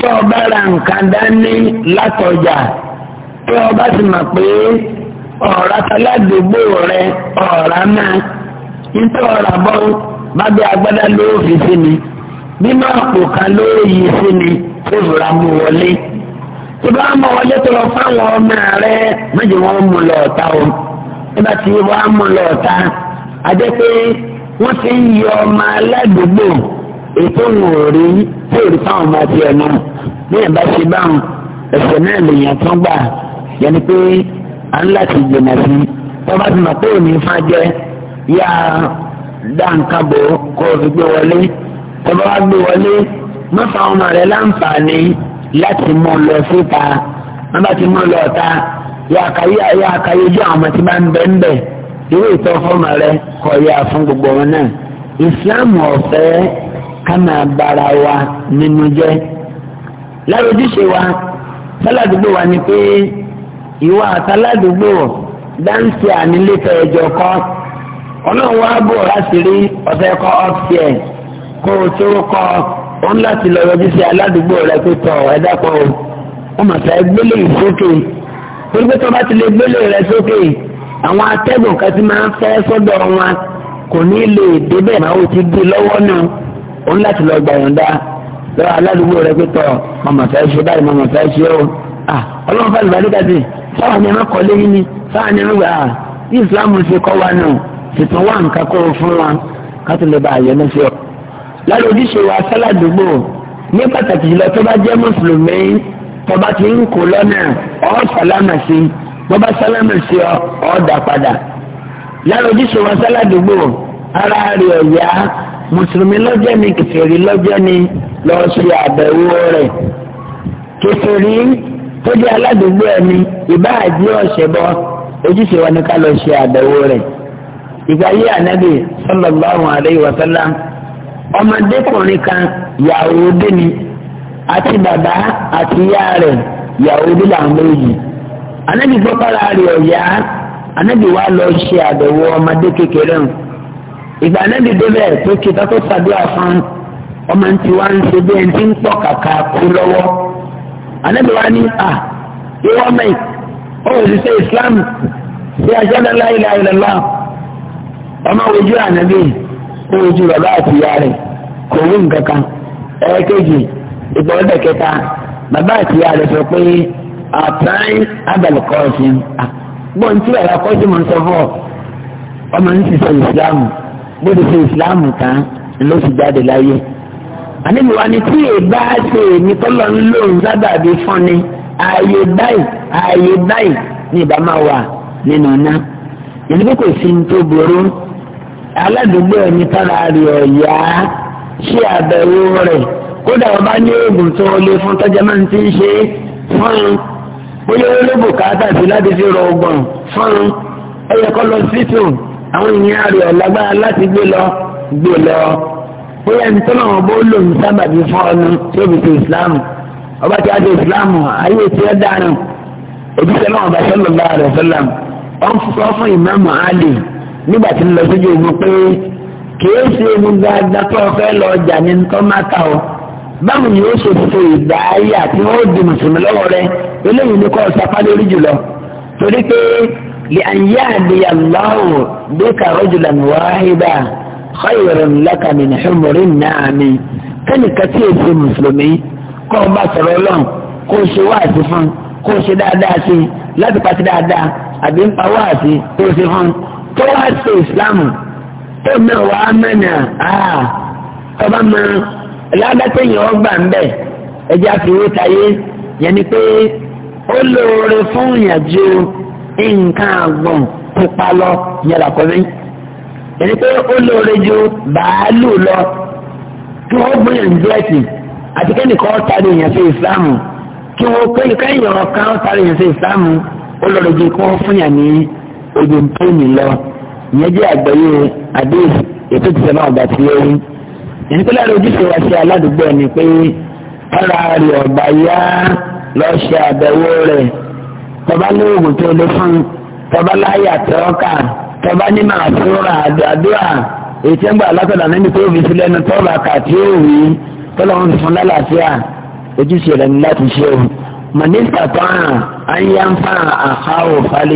tó bá ra nǹkan dání látọjà tó o bá sì mọ̀ pé ọ̀rá aládùúgbò rẹ ọ̀rá náà ọ̀rá bọ́ bá bí agbádá ni máa pò kan ló tí bá mọ wọlé tó lọ fáwọn ọmọ rẹ méjì wọn mú lọ ọ̀tá o nígbà tí wọn mú lọ ọ̀tá adé pé wọn ti ń yọ ọmọ aládùúgbò ètò wọn ò rí tó rí fáwọn ọmọ ti ẹnu ní ìbá ṣe báwọn ẹsẹ náà lèèyàn tán gbà yẹni pé à ń láti gbìnà sí wọn bá ti mọ pé òní fà jẹ yá dáǹkàbò kó o fi gbé wọlé tó bá gbé wọlé mọ ọmọ rẹ láǹfààní. láti mọ lọ síta wọn bá ti lọ ta yà àkàyè àyà àkàyè ojú àwọn ti bá ń bẹ ń bẹ ìtọ́ rẹ kọ̀ yà fún gbogbo wọn náà ọ̀fẹ́ ká máa wa nínú jẹ́ lárojúṣe wa sáládùúgbò wa ni pé ìwà dáńsì kọ́ ọlọ́run wa bò láti rí kọ́ ọ́fíẹ̀ kó o kọ́ wọn láti lọ yọjú sí aládùúgbò rẹ pé o wọn gbélé ìsókè torí ti lè gbélé rẹ sókè àwọn atẹ́gùn kan ti máa ń wọn kò ní lè ti di lọ́wọ́ náà wọn láti lọ gbàyànjá lọ́wọ́ aládùúgbò rẹ pé tọ màmá fẹ́ ṣe báyìí màmá fẹ́ ṣe o ọlọ́run Islam wa náà ṣètò wa nǹkan kó fún wa lára ojúṣe wa sálàdúgbò ní pàtàkì jùlọ tó bá jẹ́ mùsùlùmí tó bá ti ń kó lọ́nà ọ́ sálámà sí bó bá sálámà sí ọ ọ́ dà padà lára ojúṣe wa sálàdúgbò ara rẹ̀ ọ̀yá mùsùlùmí lọ́jọ́ ni kìfèrí lọ́jọ́ ni lọ́ọ́ ṣe àbẹ̀wò rẹ̀ kìfèrí tó jẹ́ aládùúgbò ẹni ìbá àjí ọ̀ṣẹ̀ bọ́ ojúṣe wa ni ká lọ ṣe àbẹ̀wò rẹ̀ ìgbà yí ànábì sallallahu alaihi wa sallam ọmọdékùnrin kan Yahudi ni àti bàbá àti ìyá rẹ̀ Yahudi làwọn méjì anabi fọkàrà rẹ̀ ọ̀yá anabi wa lọ ṣe àbẹ̀wò ọmọdé kékeré ń ìgbà anabi débẹ̀ tó kíta tó ṣàdúrà fún ọmọ ntí wa ń ṣe bí ẹni tí ń pọ̀ kàkà kú lọ́wọ́ anabi wa ní à ìwọ ọmọ yìí wò ṣiṣẹ́ Islam ṣe àṣẹ lọ́la ìlà ìlà lọ́wọ́ ọmọ òjú ànábì yìí ó wojú bàbá àti ìyá rẹ̀ kò wí nǹkan kan ẹ̀ẹ́kejì ìgbọ́dọ̀ kẹta bàbá àti ìyá rẹ̀ sọ pé àtàn abẹ́lẹ̀kọ́ọ̀sì gbọ́n tí bàbá kọ́sì mọ̀ ń sọ fọ́ ọmọ ń ṣiṣẹ́ ìsìláàmù bóde ṣe ìsìláàmù tán ló sì jáde láyé àníbi wa ni tí èèbá ṣe èmi tọ́lọ́ ń lò ń sábàbí fún ni ààyè báyìí ààyè báyìí ní ìbá máa nínú iná ìdíbò kò sí ní tó burú aládùúgbò ẹni tára rẹ̀ ọ̀yá ṣé àbẹ̀wò rẹ̀ kódà ọba ní oògùn tó lè fún tọ́jà máa ń ti ń ṣe fún un bóyá olóbò káàtà sí láti fi rọ ọgbọ̀n fún un ẹ yẹ kó lọ sítù àwọn èèyàn rẹ̀ ọ̀lágbára láti gbé lọ gbé lọ bóyá ẹni tó náà bó lòun sábàbí fún ọnu tó fi ṣe ìsìláàmù ọba tí a ṣe ìsìláàmù ayé tí ó dáná òjíṣẹ́ náà ọba sọ́lọ́ bá rẹ̀ sọ́lá wọn fún ìmáàmù nígbà tí ń lọ sójú ogun pé kìí ṣe ogun dáadáa tó ọfẹ́ lọ ọjà ní tọ́mátà o báwo ni ó ṣe ṣe ìdáyà tí wọ́n ó di mùsùlùmí lọ́wọ́ rẹ eléyìí ni kò sapá lórí jùlọ torí pé lè àyè àdìyà lọ́wọ́ bí kàrọ́jùlá wáhídà khayran laka min humri na'ami kẹ́nìkan tí èyí ṣe mùsùlùmí kọ́ ọ bá sọ̀rọ̀ ọlọ́run kó o ṣe wáàsí fún kó o ṣe dáadáa sí láti pàṣẹ dáadáa àbí ń pa wáàsí kó o ṣe fún tó wá sí ìsìlámù tó náà wàá mẹ́nà áà ọba mọ ládàtẹ̀yìn ọgbà ń bẹ̀ ẹjẹ́ àfiwé tayé yẹn ni pé ó lóore fún ìyàjú nǹkan àgbọ̀n pupa lọ yẹn làkọ́mí yẹn ni pé ó lóore ju bàálù lọ kí wọ́n gbìyànjú ẹ̀sìn àti kẹ́nìkan ọ̀tàrí èèyàn sí ìsìlámù kí wọ́n pé kẹ́yìn ọ̀kan ọ̀tàrí èèyàn sí ìsìlámù ó lóore ju kí wọ́n fún yàn ní ojú tó nì ìyẹn jẹ́ àgbáyé àdéhùn ètò ìtìsẹ́ náà ọ̀gá ti lórí. ìnípínlẹ̀ rẹ̀ ojúṣe wa ṣe aládùúgbò ẹni pé ara rẹ̀ ọ̀gbà yá lọ ṣe àbẹ̀wò rẹ̀ tọba lóògùn tó lé fún tọba láyà tọ́ka tọba ní màá súnra àdúrà ètò ẹgbẹ́ alátọ̀dà nínú tó fi sílẹ̀ ní tọ́ba kàtí òwì tọ́lọ́run fún lálàáfíà ojúṣe rẹ̀ ní láti ṣe o mọ̀ tán à ń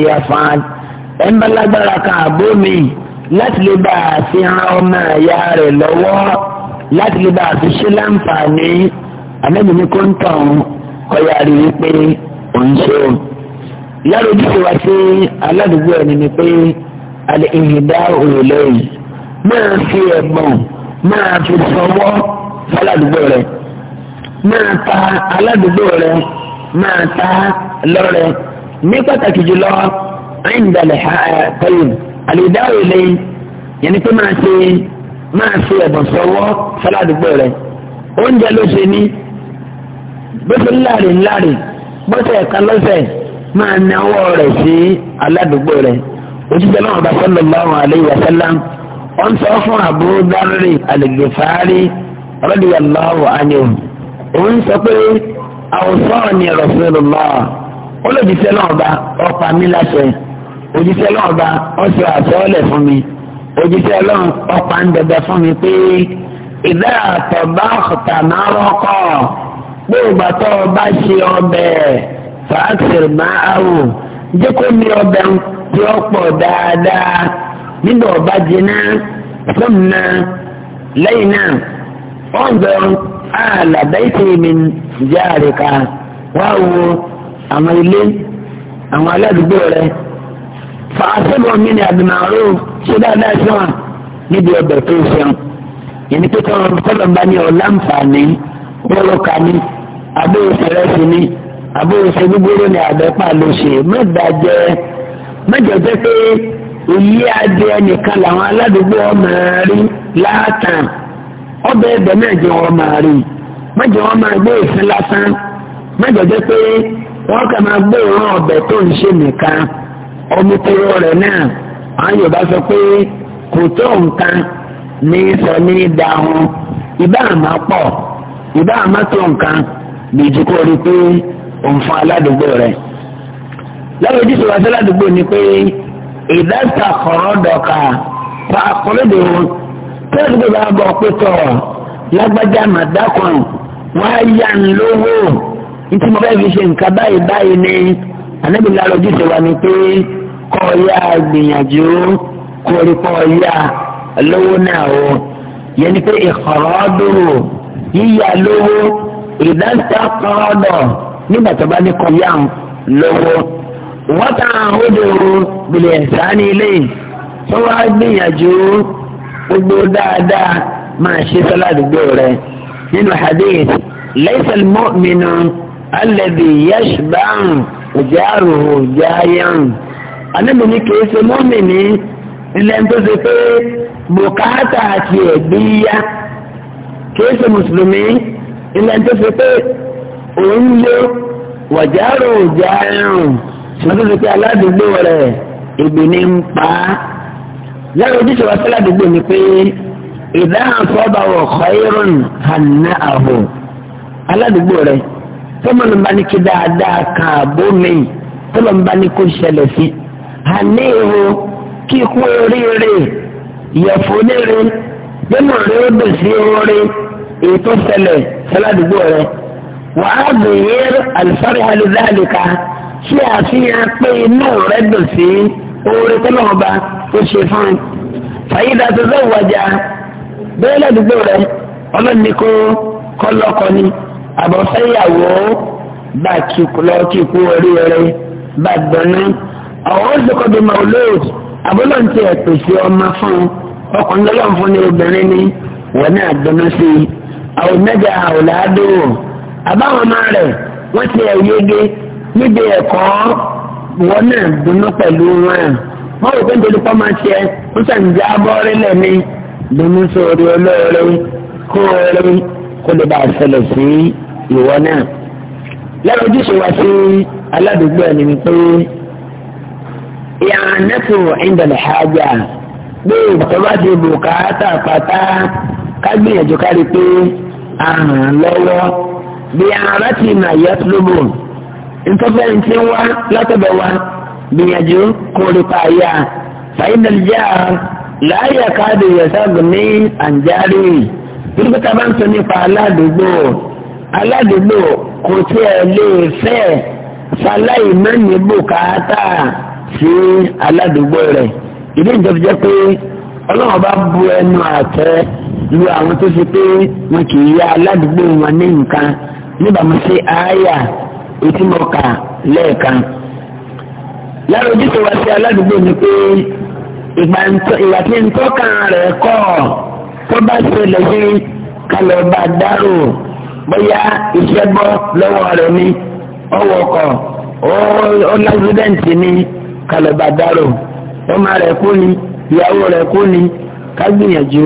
yá ẹ̀ ń bá lágbára kan àbó mi láti lè bá a fi ran ọmọ ẹ̀yà rẹ̀ lọ́wọ́ láti lè bá a fi ṣe láǹfààní àmẹ́bìnrin kò ń tàn ọ̀yà rí i pé òun ṣe o. yàrá ojúṣe wa sí aládùúgbò ẹni ni pé alẹ́ ìhìndá òrùlé yìí máa fi ẹ̀gbọ́n máa fi sọwọ́ aládùúgbò rẹ̀ máa ta aládùúgbò rẹ̀ máa ta lọ́rẹ̀ ní pàtàkì jùlọ. عند الحائطين الإداء إليه يعني كما سي ما سي أبو صوى فلا دبوله oúnjẹ ló ṣe ní bó ṣe láàrin láàrin bó ṣe ẹ̀ka lọ́sẹ̀ máa na ọwọ́ rẹ̀ sí aládùúgbò rẹ̀ òṣìṣẹ́ náà bá sallallahu alaihi wa sallam ó ń sọ fún Abu Dharri al-Ghifari radiyallahu anhu ó ń sọ pé awsani Rasulullah ó lòdì sẹ́lọ̀ ọba ọ̀pá mi láṣẹ òjíṣẹ́ ọlọ́run bá ọ ṣe àṣọọ́lẹ̀ fún mi òjíṣẹ́ ọlọ́run ọ̀pá ń dẹ̀dẹ̀ fún mi pé ìdá àtọ̀bá ọ̀tà máa rọ́kọ̀ pé ìgbà tó o bá ṣe ọbẹ̀ fàákìrì máa áwò jẹ́ kó mi ọbẹ̀ tí ó pọ̀ dáadáa nígbà ọba jiná fún mi lẹ́yìn náà wọ́n àlàbẹ́tì mi jáàrí ká wá wo àwọn ilé àwọn aládùúgbò rẹ̀ fàásìlò mi ní àdìmọ̀rò ṣé dáadáa sí wọn níbi ọbẹ̀ tó ṣeun ìní pé tọ́lọ̀ tọ́lọ̀ bá ní ọ̀la ǹfààní bọ́lọ́ka ní abóòsè rẹ́sì ní abóòsè gbogbo ní àbẹ́pà ló ṣe mẹ́dàjẹ́ mẹ́jọ̀jẹ́ pé ìyí adé ẹnìkan làwọn aládùúgbò ọmọ rí láàtàn ọbẹ̀ ẹ̀bẹ̀ náà jẹ́ wọn máa rí mẹ́jọ wọn máa gbé ìsìn lásán mẹ́jọ̀jẹ́ pé wọ́n kà máa gbé ìran ọbẹ̀ tó ń ṣe nìkan. omi kúrò rẹ̀ náà àwọn Yorùbá sọ pé kò tó nǹkan ní sọ ní dahun ìbá àmà pọ̀ ìbá àmà tó nǹkan bìjú kó rí pé òun aládùúgbò rẹ̀ lọ́wọ́ aládùúgbò ni pé ìdáta kọ̀rọ̀ dọ̀ka wọn àdúgbò bá pé tọ̀ lágbájá màdákan á yá ń lówó ànábì lára ojúṣe wa ni pé kọ́ ya gbìyànjú kó rí kọ́ ya lówó náà o yẹn ni pé ìkọ̀rọ̀dúró yíya lówó ìdáńtà kọ́rọ̀dọ̀ nígbà tó bá ní kọ́ ya lówó wọ́n ta àwọn odòrò gbìlẹ̀ sáni ilé tó wá gbìyànjú gbogbo dáadáa máa ṣe sọ́lá àdúgbò rẹ̀ nínú hadith laysa al-mu'minu alladhi yashba'u òjá àrò òjá ayẹrùn alẹ́mi ní kìí ṣe mọ́mì ní ilẹ̀ tó ṣe pé bùkátà àti ẹ̀gbí yá kìí ṣe mùsùlùmí ilẹ̀ tó ṣe pé òun lé wàjá àrò òjá ayẹrùn ṣùgbọ́n tó ṣe pé aládùúgbò rẹ̀ ìgbì ní ń pa á lẹ́yìn ojúṣe wa sí aládùúgbò ni pé ìdáhùn sọ́ba wọ̀ kọ́ irun hànà àhò aládùúgbò rẹ̀ tọ́mọ̀ ló ń bá ní kí dáadáa kan àbó mi tọ́lọ̀ ń bá ní kó ṣẹlẹ̀ sí. àní ihò kíkú oríire ìyẹ̀fọ́ oníire nínú rẹ̀ ó dùn sí oore èyí tó ṣẹlẹ̀ sẹ́ládùúgbò rẹ̀. wà á dùn yín àlùfáàrí alùdáàlùkà ṣé àfihàn pé inú rẹ̀ dùn sí oore tọ́lọ̀ ọba ó ṣe fún un. fàyídà tó fẹ́ wàjà bẹ́ẹ̀ ládùúgbò rẹ̀ ọlọ́ni kó kọ́ lọ́kọ ni. àbọ̀fẹ́yàwó bá kíkú lọ kíkú oríire bá gbọ́ná ọ̀hún ọ̀dọ́kọ̀ bíi maulud abúlọ̀ntì ẹ̀pèsè ọmọ fún ọkùnrin lọ́lọ́run fún ní obìnrin ni wọ́n ní àgbọ́ná sí i àwọn mẹ́jọ àwòládùn àbáwọn ọmọ rẹ̀ wọ́n ti ẹ̀yẹ́gẹ́ níbi ẹ̀kọ́ wọn náà dùnnú pẹ̀lú wọn wọ́n rò pé nítorí pọ́nmọ́ tiẹ̀ ó sàn já bọ́ọ́rẹ́lẹ̀ mi dùnnú sórí olóore kóore. kó lè bá a ṣẹlẹ̀ sí ìwọ náà lára ojúṣe wa sí aládùúgbò ẹni ni pé ìhànẹ́tò ìndẹ̀lẹ̀ hájà bí ìtọ́wá di bùkátà pátá ká gbìyànjú ká rí pé a ràn lọ́wọ́ bí ara ti mà yẹ lóbò ntọ́fẹ́ ti wá látọ̀dọ̀ wa gbìyànjú kó pààyà fàyínàlìjà láyà káàdì yẹ sáàgùn ní àǹjáre torí pé tábà ń sọ nípa aládùúgbò aládùúgbò kò tí ẹ lè fẹ́ sáláì má ní bùkátà sí aládùúgbò rẹ̀ ìdí ìjọba jẹ́ pé ọlọ́run bá bu ẹnu àtẹ́ lu àwọn tó ṣe pé wọn kì í yá aládùúgbò wọn ní nǹkan níbàámu sí àáyà etí mo kà lẹ́ẹ̀kan lára ojúṣe wa sí aládùúgbò ni pé ìgbà tí ń tọ́ka rẹ̀ kọ́ ọ̀. tó bá ṣẹlẹ̀ sí kálọ̀ bá dárò bóyá iṣẹ́ bọ́ lọ́wọ́ rẹ̀ ni ọwọ́ kọ̀ ó lásìdẹ́ǹtì ni kálọ̀ bá dárò ọmọ rẹ̀ kú ni ìyàwó rẹ̀ kú ni ká gbìyànjú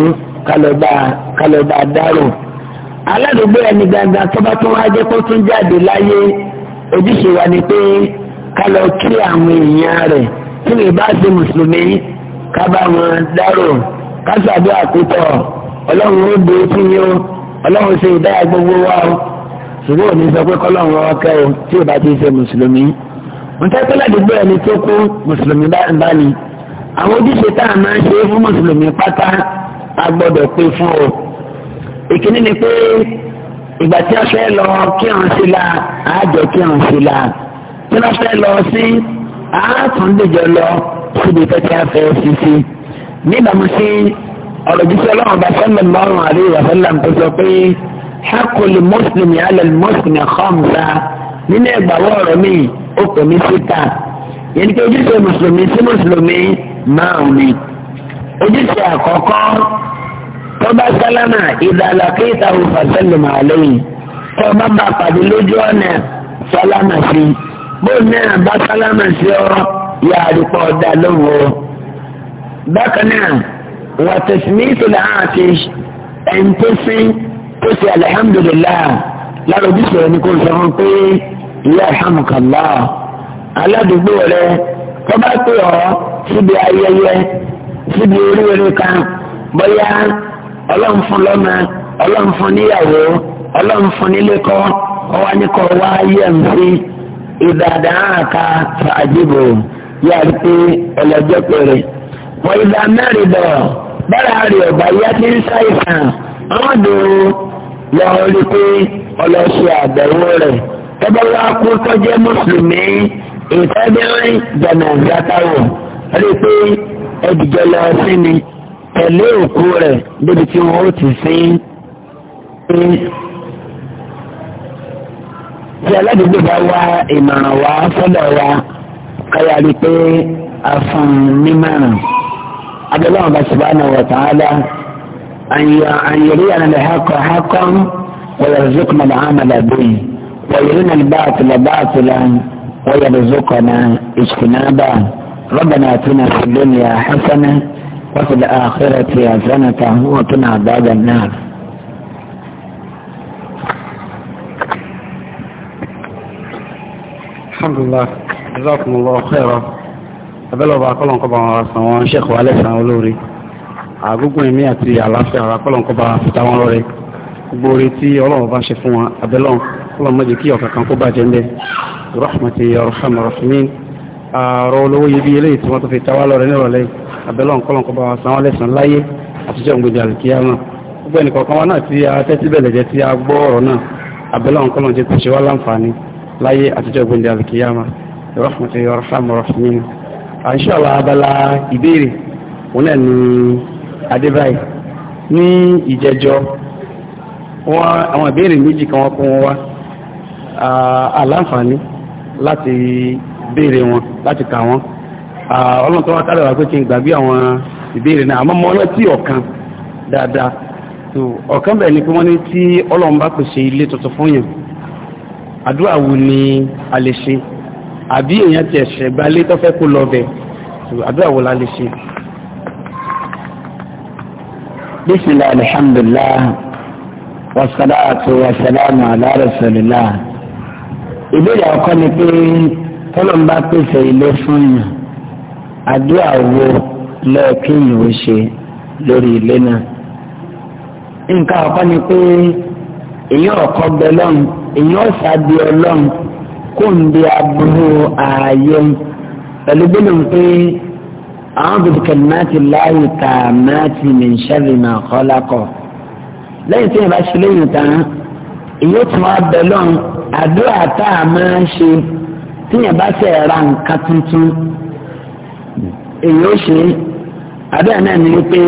bá dárò aládùúgbò ẹni gangan tó bá tún kó tún jáde láyé ojúṣe wa ni pé kí àwọn èèyàn rẹ̀ kásàdé àkótọ́ ọlọ́run ó dé sí yín o ọlọ́run ṣe ìdáyà gbogbo wa o ṣùgbọ́n òní sọ pé kọ́lọ́run wọ́n kẹ́ o tí ò bá ti ṣe mùsùlùmí ntẹ́tẹ́lẹ̀ àdúgbò ẹni tó kú mùsùlùmí bá ní àwọn ojúṣe tá a máa ń ṣe fún mùsùlùmí pátá a gbọ́dọ̀ pé fún o ìkíní ni pé ìgbà tí a fẹ́ lọ kí ọ̀hún sí la á jẹ́ kí ọ̀hún sí la tí wọ́n fẹ́ lọ sí àátúndéjọ lọ síbi tẹ́tẹ́ afẹ́ sísí. Si, si níbàámu sí ọ̀rọ̀jísẹ́ ọlọ́run bá sẹ́lẹ̀ márùn-ún àríwá sẹ́lẹ̀ tó sọ pé hakuli mùsùlùmí alẹ́ mùsùlùmí khamsa nínú ẹgbàwọ́ ọ̀rọ̀ mi ó pè mí síta yẹn kí ojúṣe mùsùlùmí sí mùsùlùmí márùn-ún ni ojúṣe àkọ́kọ́ tọ́ba sálámà ìdàlàkè ìtàwọn fàṣẹlùmọ̀ àlẹ́ yìí tọ́ba bá pàdé lójú ọ̀nà sálámà sí bóun náà bá sálámà sí ọ yáa rí ọ̀dà lóhùn o bákan náà wà tẹ̀símíìtì làákì ẹ̀ǹtẹ́sí tó ṣe alihamudulilayi lára ojúṣe rẹ̀ ni kò sọ fún pé ìyá alhamukàlá aládùúgbò rẹ̀ tó bá pè ọ́ síbi ayẹyẹ síbi oríire kan bóyá ọlọ́run fún lọ́mọ ọlọ́run fún níyàwó ọlọ́run fún ọwọ́ ni kò wá yẹ̀ ń fi ìdàdàn àká fàájì yára pé ọlọ́jọ́ péré wọ ìgbà mẹ́rin bọ̀ bára rẹ̀ ọ̀gbà yá ti ń ṣàìsàn àwọn dòó lọ rí pé ọlọ́ṣẹ́ àbẹ̀wò rẹ̀ tọ́gbọ́n wá kú tọ́jẹ́ mùsùlùmí ìtẹ́bírin jẹ̀nàgbátàwò rí pé ẹ̀dìjọ́ lọ sí ni tẹ̀lé òkú rẹ̀ débi tí wọ́n ó ti sí tí aládùúgbò bá wá ìmọ̀ràn wá sọ́dọ̀ wa káyà rí pé a fún un nímọ̀ràn. عبد الله سبحانه وتعالى أن يرينا الحق حقا ويرزقنا العمل به ويرينا الباطل باطلا ويرزقنا اجتنابا ربنا اتنا في الدنيا حسنة وفي الآخرة حسنة وقنا عذاب النار الحمد لله جزاكم الله خيرا abẹ́lọ́ba akọ́lọ́nkọ́ba wọn sàn wọn ṣẹ̀kọ́ alẹ́ sàn olóore àgógún ẹ̀mí àti àlàáfíà akọ́lọ́nkọ́ba fìtà wọn lọ́rẹ́ gbogbo orí tí ọlọ́run bá ṣe fún wọn abẹ́lọ́n ọlọ́run mọ̀jẹ̀ kí ọ̀kà kan kó bàjẹ́ ń bẹ́ rahmati arhamar rahimin ààrọ olówó yebi eléyìí tí wọ́n tó fi tawá lọ́rẹ́ nírọ̀lẹ́ abẹ́lọ́n kọ́lọ́nkọ́ba wọn sàn wọn lẹ́sàn láyé àtijọ́ gbogbo àlùkíyàmá gbogbo rahmati arhamar rahimin à ń ṣọ̀rọ̀ abala ìbéèrè òun náà ni adébáyé ní ìjẹjọ wọn àwọn ìbéèrè méjì kan wọn kó wọn wá ah, aláǹfààní láti béèrè wọn láti kà wọn ah, ọlọ́run tó wá kálẹ̀ wá pé kí n gbàgbé àwọn ìbéèrè náà àmọ́ mọ́ ọlọ́tí ọ̀kan dáadáa tó ọ̀kan bẹ̀rẹ̀ ni pé wọ́n ní tí ọlọ́run bá pèsè ilé tuntun fún yàn àdúrà wo ni a lè ṣe àbí èèyàn ti ẹ̀ṣẹ̀ gbalé tó fẹ́ kó lọ bẹ̀ àdúrà wo la lè ṣe. bisimilahi alhamdulilah wasalaatu wasalaamu ala rasulillah ìbéèrè ọkọ ni pé tọ́lọ́mbà pèsè ilé fún yàn àdúrà wo lẹ́ẹ̀kẹ́yìn ó ṣe lórí ilé náà. nǹkan ọkọ ni pé èyí ọkọ bẹ lọ́n èyí ọ̀sà bí ọlọ́run kó ń bi aburú ààyè pẹ̀lú gbólóhùn pé àwọn bìtìkẹ̀lì náà ti láàyè tà náà ti min sharri ma khalaqa lẹ́yìn tí yẹn bá ṣe lẹ́yìn tán ìyóò tún wá bẹ̀ lọ́n àdúrà tá a máa ń ṣe tí yẹn bá ṣe ra nǹkan tuntun èyí ṣe àdúrà náà ní pé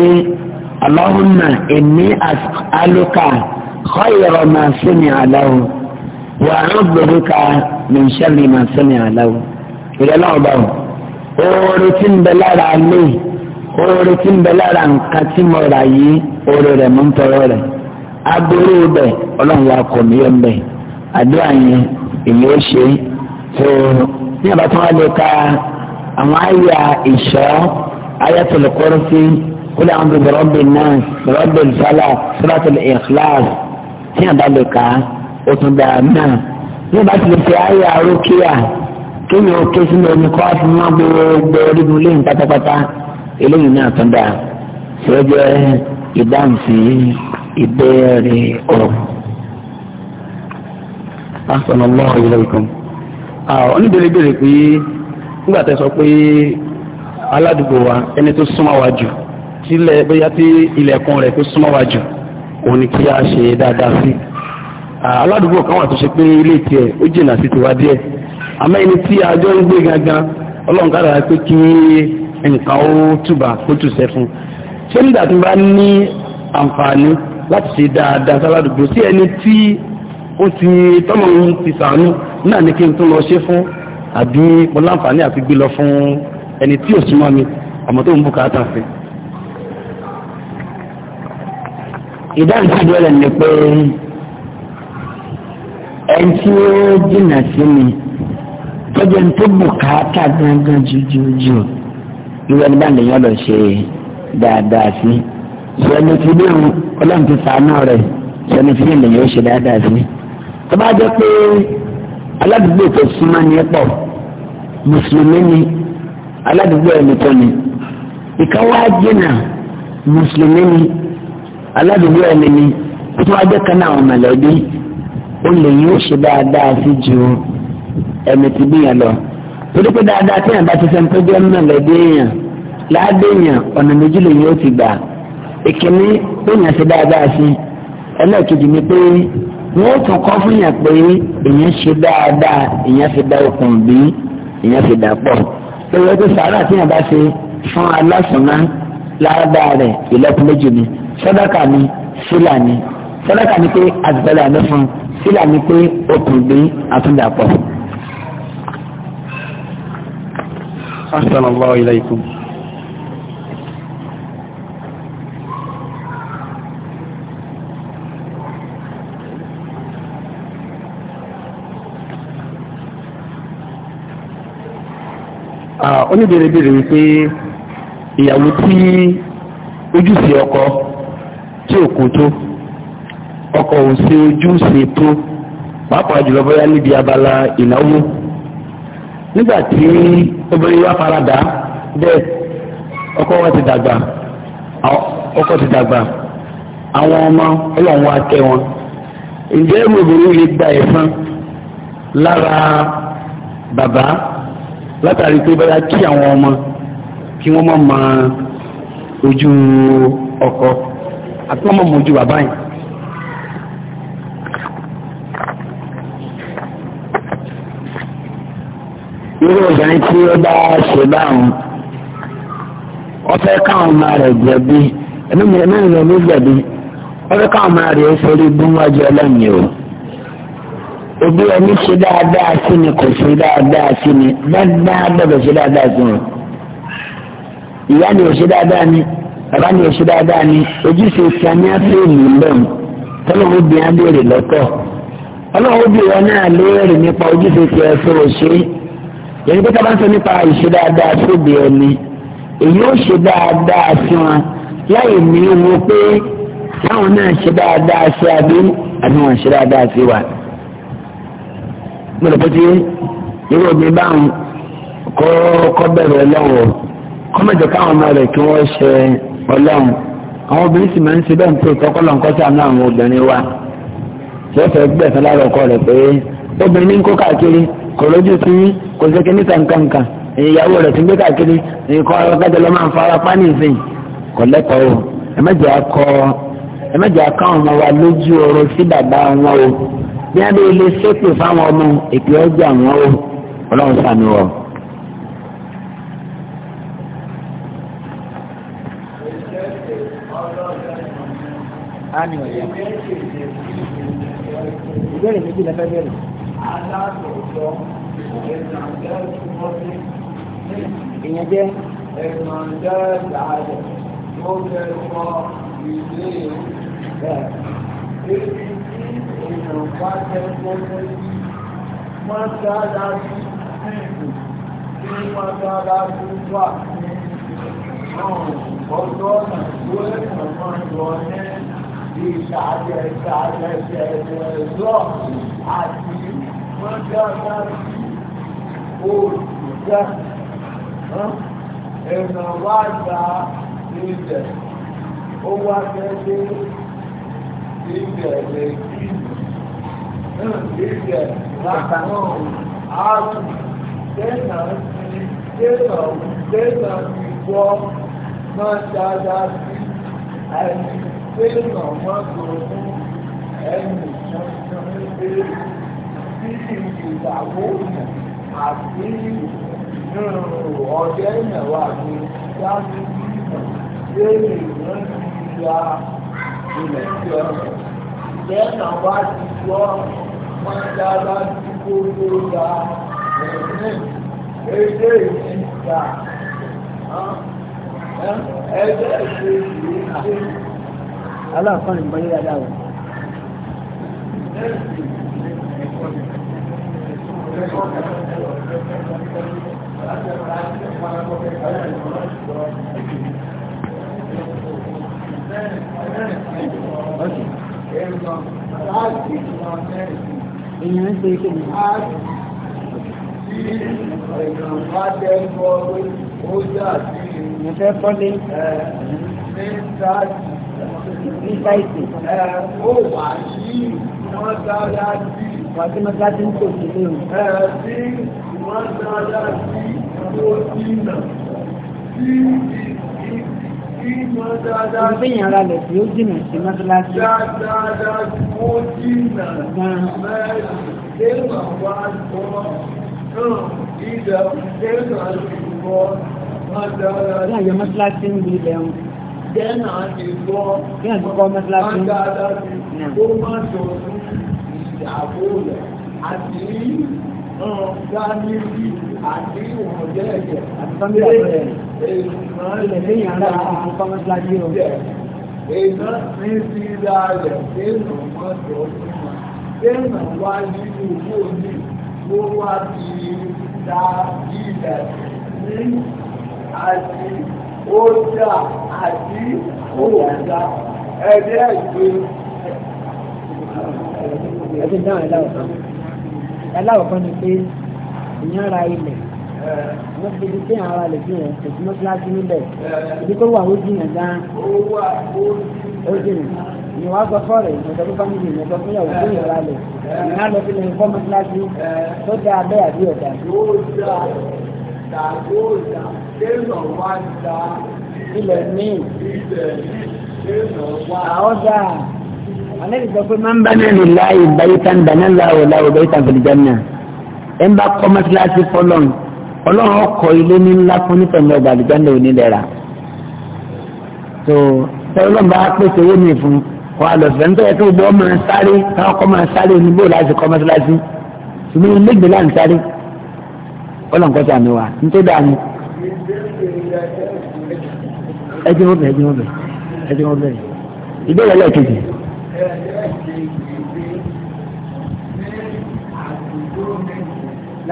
Allahumma inni as'aluka khayra ma sami'a lahu wà á gbèrú ka min sharri ma sami aláwọ ìrẹ̀lẹ̀ ọba o oore tí ń bẹ lára lé oore tí ń bẹ lára nǹkan tí mo rà yìí oore rẹ̀ mo ń tọrọ rẹ̀ aburú bẹ ọlọ́run wa kọ̀ mí yẹn bẹ àdúrà yẹn èmi ó ṣe tó ní àbátí wọn lè ka àwọn àyà ìṣọ́ ayatul kursi kó lè àwọn bíbí rọ́bì náà rọ́bì sálà suratul ikhlas tí àbá lè ka òtún dà náà yóò bá tilẹ̀ fi ayé àrókìá kéèyàn ó ké sínú omi kọ́ àti má gbogbo orígun léyìn pátápátá eléyìí náà tún dà tí ó jẹ́ ìdáhùn sí ìbéèrè ọ̀rọ̀. asọ̀nà lọ́wọ́ ilé ìkan. oníbèrè bèrè pé nígbà tẹ́ sọ pé aládùúgbò wa ẹni tó súnmọ́ wa jù tílẹ̀ bóyá tí ilẹ̀kùn rẹ̀ tó súnmọ́ wa jù òun ni kí a ṣe dáadáa sí i Ah, aládùúgbò kan wà tó ṣe pé ilé tiẹ̀ ó jìnnà sí tiwa díẹ̀ àmọ́ ẹni tí àjọ ń gbé gangan ọlọ́run kára pé kí nǹkan ó túbà fún ṣé nígbà tí bá ní àǹfààní láti ṣe dáadáa sáládùúgbò sí ẹni tí ó ti tọ́mọ̀ ń ti sàánú náà n fún àbí àti fún ẹni tí ò súnmọ́ mi àmọ́ tó ń ẹni tí ó jìnnà sí mi tọ́jú ẹni tó bùkátà gángan jùjùjù irú ẹni báyìí lèyàn lọ ṣe dáadáa sí ìwé ẹni tí ilé òun ọlọ́run ti sàánú rẹ̀ ìwé ẹni tí ilé lèyàn ó ṣe dáadáa sí. tó bá jẹ́ pé aládùúgbò tó súnmọ́ ni ẹ pọ̀ mùsùlùmí ni aládùúgbò ẹni tó ni ìkan wá jìnnà mùsùlùmí ni aládùúgbò ẹni ni tó wá jẹ́ kan àwọn mọ̀lẹ́bí ó lè yín ó ṣe dáadáa sí ju ẹni tí bíyàn lọ torí pé dáadáa tí yàn bá ti sẹ́ni tó jẹ́ mọ́ lẹ́dí èèyàn láàdé èèyàn ọ̀nà méjì lè yín ó ti gbà ìkíní pé yàn ṣe dáadáa sí ẹlẹ́ẹ̀kejì ni pé wọ́n tún kọ́ fún yàn pé èèyàn ṣe dáadáa èèyàn fi dá okùn bí èèyàn fi dà pọ̀ lórí ẹgbẹ́ sàárà tí yàn bá ṣe fún alásùnmá láàdáa rẹ̀ ìlọ́kùn méjì ni sàdákà ni sílà ni ni pé àtìgbẹ́lẹ̀ àná fún sílà ni pé okùn gbé àtúndàpọ̀. Assalamu alaykum. oníbèrèbèrè wípé ìyàwó tí ojúṣe ọkọ tí ò kò tó ọkọ̀ ò ṣe ojúṣe tó pàápàá jùlọ bóyá níbi abala ìnáwó nígbà tí obìnrin wa faradà bẹ́ẹ̀ ọkọ wa ti dàgbà ọkọ ti dàgbà àwọn ọmọ Ọlọ́run wa kẹ́ wọn ǹjẹ́ obìnrin lè gba ẹ̀san lára bàbá látàrí pé bóyá kí àwọn ọmọ kí wọ́n mọ̀ mọ ojú ọkọ àti wọ́n mọ̀ mọ ojú bàbá yìí. ó bá ṣe báwọn ọfẹ káwọn ọmọ rẹ̀ jẹ̀bi ẹni mi ẹni mi ẹni jẹ̀bi ọfẹ káwọn ọmọ rẹ̀ sọrí gúnwájú ọlọ́ọ̀ni o òbí ẹni ṣe dáadáa sí ni kò ṣe dáadáa sí ni dáadáa bẹ̀rẹ̀ ṣe dáadáa sí ni ìyá ni ò ṣe dáadáa ni bàbá ni ò ṣe dáadáa ni ojúṣe sani áfíìmù lẹ́hìn tọ́lọ́wọ́ bí wọn béèrè lọ́tọ̀ ọlọ́wọ́ bí wọn náà léèrè nípa ojúṣe tí ẹ fẹ́ ò yẹn pé tábà ń sọ nípa ìṣe dáadáa sóde ẹni èyí ó ṣe dáadáa sí wọn láì ní wo pé táwọn náà ṣe dáadáa sí àbí àbí wọn ṣe dáadáa sí wa. mo lè pété irú omi báwọn kọ́ kọ́ bẹ̀rẹ̀ ọlọ́wọ́ kọ́ mẹ́jọ káwọn ọmọ rẹ̀ kí wọ́n ṣe ọlọ́run àwọn obìnrin sì máa ń ṣe bẹ́ẹ̀ ń pè kọ́kọ́lọ́ nǹkan sí àwọn obìnrin wa tí wọ́n fẹ́ gbẹ̀sán lára ọkọ rẹ̀ pé obìnrin ní kó káàkiri kò lójú sí kò sí kí ní kankankan ìyàwó rẹ̀ ti gbé káàkiri ìkọ́ ọlọ́kadà ló máa ń fara pa nìsín kò lẹ́kọ̀ọ́ o ẹ̀mẹ́jẹ̀ akọ ẹ̀mẹ́jẹ̀ akọ àwọn ọmọ wa lójú ọ̀rọ̀ sí bàbá wọn o bí wọ́n bẹ ilé ṣépè fáwọn ọmọ èpè ọjà wọn o ọlọ́run sàmì wọ̀. ìbéèrè méjì lẹ́fẹ̀ẹ́ bẹ̀rẹ̀ ìyẹn jẹ́ Ọjọ́ ọ̀nà tó ẹ̀kọ́ máa ń lọ ní ìṣàjẹ̀ ìṣàjẹ̀ ìṣẹ̀lẹ̀ ìṣọ́ àti wọ́n jẹ́ ọ̀nà olùdíjẹ́ ẹ̀nà wá gba ilẹ̀ ó wá gẹ́gẹ́ ilẹ̀ lè kí ilẹ̀ látàn náà á tù dẹ́nà ti dẹ́nà dẹ́nà ti gbọ́ máa dáadáa sí ẹni dẹ́nà máa gbọ́ fún àti ọ̀jẹ́ ìmẹ̀wà ni dájú bí lè rìn ìyá ilẹ̀ tí ẹ rẹ̀. Ìjẹ́nà wá ti gbọ́ máa ń dára kó tó ya ẹ̀mí èdè ìsìnkà. Ẹgbẹ́ ìṣèlú ṣe. Aláàfáà ń bọ́lé dáadáa o. Thank you. यहाँ से मुजफ्फर दिन फातिमा का दिन तो máa dáadáa sí ó dínà sí ìmọ̀ dáadáa sí ìyàrá lẹ̀ tí ó dínà sí mọ́sálásí dáadáa sí ó dínà mẹ́rin lẹ́nà wá sọ náà ìdá lẹ́nà ìwọ́ máa dáadáa sí ìyàrá mọ́sálásí ń bí ilẹ̀ wọn Gẹ́nà àti ìgbọ́ máa dáadáa sí ó máa jọ fún ìdàbò rẹ̀ àti Gáàmìlì àti ìwọ̀n jẹ́ ẹ̀jẹ̀ àti Sọ́ndé àpẹẹrẹ. Èèyàn rẹ̀ lẹ́yìn ara àwọn Fámọ́sílájí o. Èèyàn ní sí ìdá rẹ̀ kéèyàn mọ́tò ọdún wọn. Kéèyàn wá nínú owó ní ló wá ti dá ìdá ní àti ọjà àti òwòjà ẹgbẹ́ ìgbé. Ẹ ti aláwọ̀kọ́ ni pé èèyàn ra ilẹ̀ wọ́n fi ṣe ara lè fi hàn ẹ̀sìn mọ́ṣáláṣí níbẹ̀ ibi tó wà ó jìnà gan-an ó jìnà ni wàá sọ fọ́ọ̀rẹ̀ ìjọba tó fámìlì ìjọba fún ìyàwó tó yẹra lẹ̀ ìyá lọ sí lẹ́yìn fọ́ọ̀mù kíláàsì tó dá abẹ́ àbí ọ̀dà. ilẹ̀ míì àwọn dáa àlẹ́bí sọ pé máa ń bá náà nílá ìbáyé tán dáná láwọ̀ láwọ̀ bẹ́ẹ̀ tán fìdí jẹ́nà ẹ̀ ń bá kọ́ mọ́síláṣí fọlọ́n ọlọ́run ọkọ̀ ilé ní ńlá fún nípẹ̀lú ọgbà àdìjọ́nà onílẹ̀ra tó ọlọ́run bá pèsè owó mi fún wọn àlọ́fẹ́ ń tọ́yẹ tó gbọ́ máa sáré káwọn kọ́ máa sáré oníbò láti kọ́ mọ́síláṣí ṣùgbọ́n ilé ìgbélá ń sáré ọlọ́run kọ́ sàmì wá ní tó dáa ni ẹjẹ́ wọ́n bẹ̀ ẹjẹ́ wọ́n bẹ̀ ẹjẹ́ wọ́n bẹ̀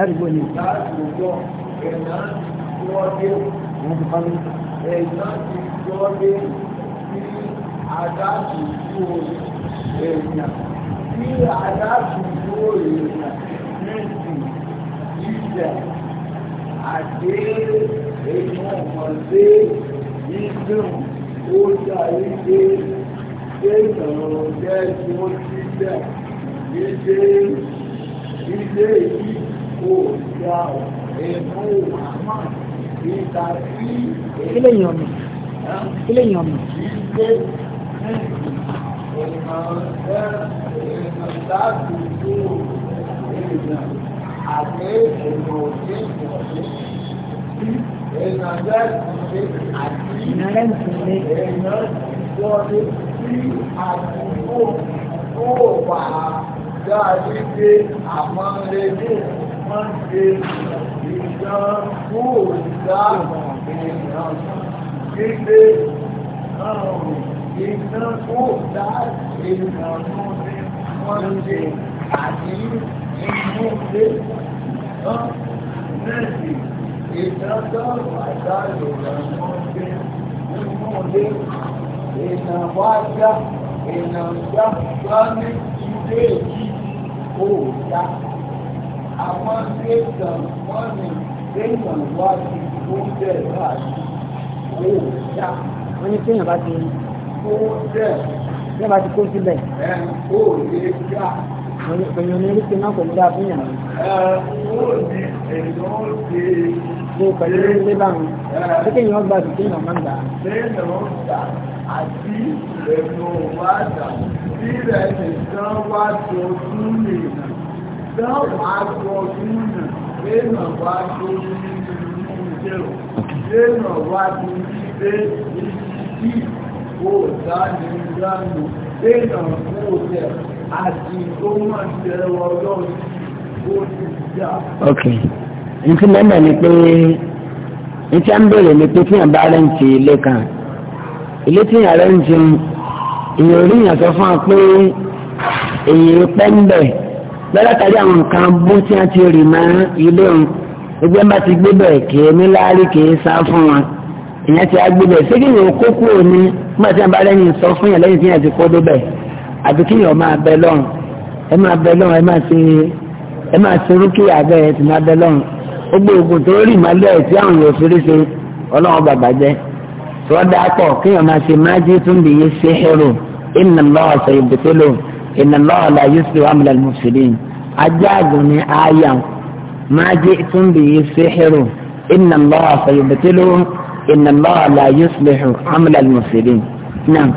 ládùúgbò ni. wọ́n ti pálí. ẹ̀yà ti jọ́ dé sí adájú tó èèyàn sí adájú tó èèyàn nísìn ìjẹ̀ àti èèyàn ọ̀mọ̀dé ìdùn ó dàrí pé kéèyàn jẹ́ tí ó ti bẹ̀ ilé ilé ìdí kílẹ̀yìn ọ̀nà kílẹ̀yìn ọ̀nà. Ìnáwó ìsinmi. Ìnáwó ìsinmi. Ó wà dáadé pé àmọ́ lè dùn. Gbígbé àrùn ìnáwó láti ìrànú ní wọ́n ṣe àní inú lé náà lẹ́yìn ìdájọ́ àdá ìrànú ní inú lé ìnáwó àwọn èèyàn wọ́n ní èèyàn wá sí oúnjẹ káàkiri owó ṣá. wọ́n ní kí èèyàn bá ti kó jẹ́ ní bá ti kó síbẹ̀. ẹ ó lè ṣá. èèyàn ní orí ti náà kò ní dáa fún yàrá. ẹ ó ní èèyàn ó ṣe. ṣe pẹ̀lú ilé bá wọn. ṣé kéèyàn gbà sí kéèyàn máa ń gbà. kéèyàn ń gbà àti ìrẹ̀lú wá dà. bí ìrẹ̀lú kan wá tó tún lè Ìdáhùn àjọ ìrìnà lẹ́nà wá tó ní ìlú ìjẹ̀rọ, lẹ́nà wá tó ní ilé ìsìnkí, ó dá ní ìdánù, lẹ́nà fún òjẹ̀ àti tó máa jẹ́ ọlọ́run ó ti jà. Ok, n tí mẹ́mẹ́ ni pé n tí a ń bèèrè ni pé tíyàn bá rẹ́ǹtì ilé kan, ilé tíyàn rẹ́ǹtì ìyẹn oríyàn sọ fún wa pé èyí pẹ́ ń bẹ̀ lọ́lọ́tàrí àwọn nǹkan bó tí wọ́n ti rì mọ́ ilé òun ẹgbẹ́ bá ti gbé bẹ̀ kí ní láàárín kì í sá fún wọn ìyẹn ti agbé bẹ̀ ṣé kíyàn kó kúrò ní mọ̀ tí wọ́n bá lẹ́yìn sọ fún yàn lẹ́yìn tí yàn ti kó débẹ̀ àbí kíyàn máa bẹ lọ́run ẹ máa bẹ lọ́run ẹ máa ṣe ẹ máa ṣe rúkìá bẹ́ ẹ ti máa bẹ lọ́run ó gbé oògùn tó rì mọ́lẹ̀ tí àwọn yóò fi rí ṣe ọlọ́run bàbá jẹ́ tọ́da pọ̀ kíyàn máa ṣe májí túnbí yé ṣe hẹ́rò ìnàlọ́ọ̀ṣẹ̀ inna Allaha la yuslihu amala al-mufsidin ajáàgùn ní àyà máa jẹ́ túnbí sèhérò inna Allaha sayubtilu inna Allaha la yuslihu amala al-mufsidin náà.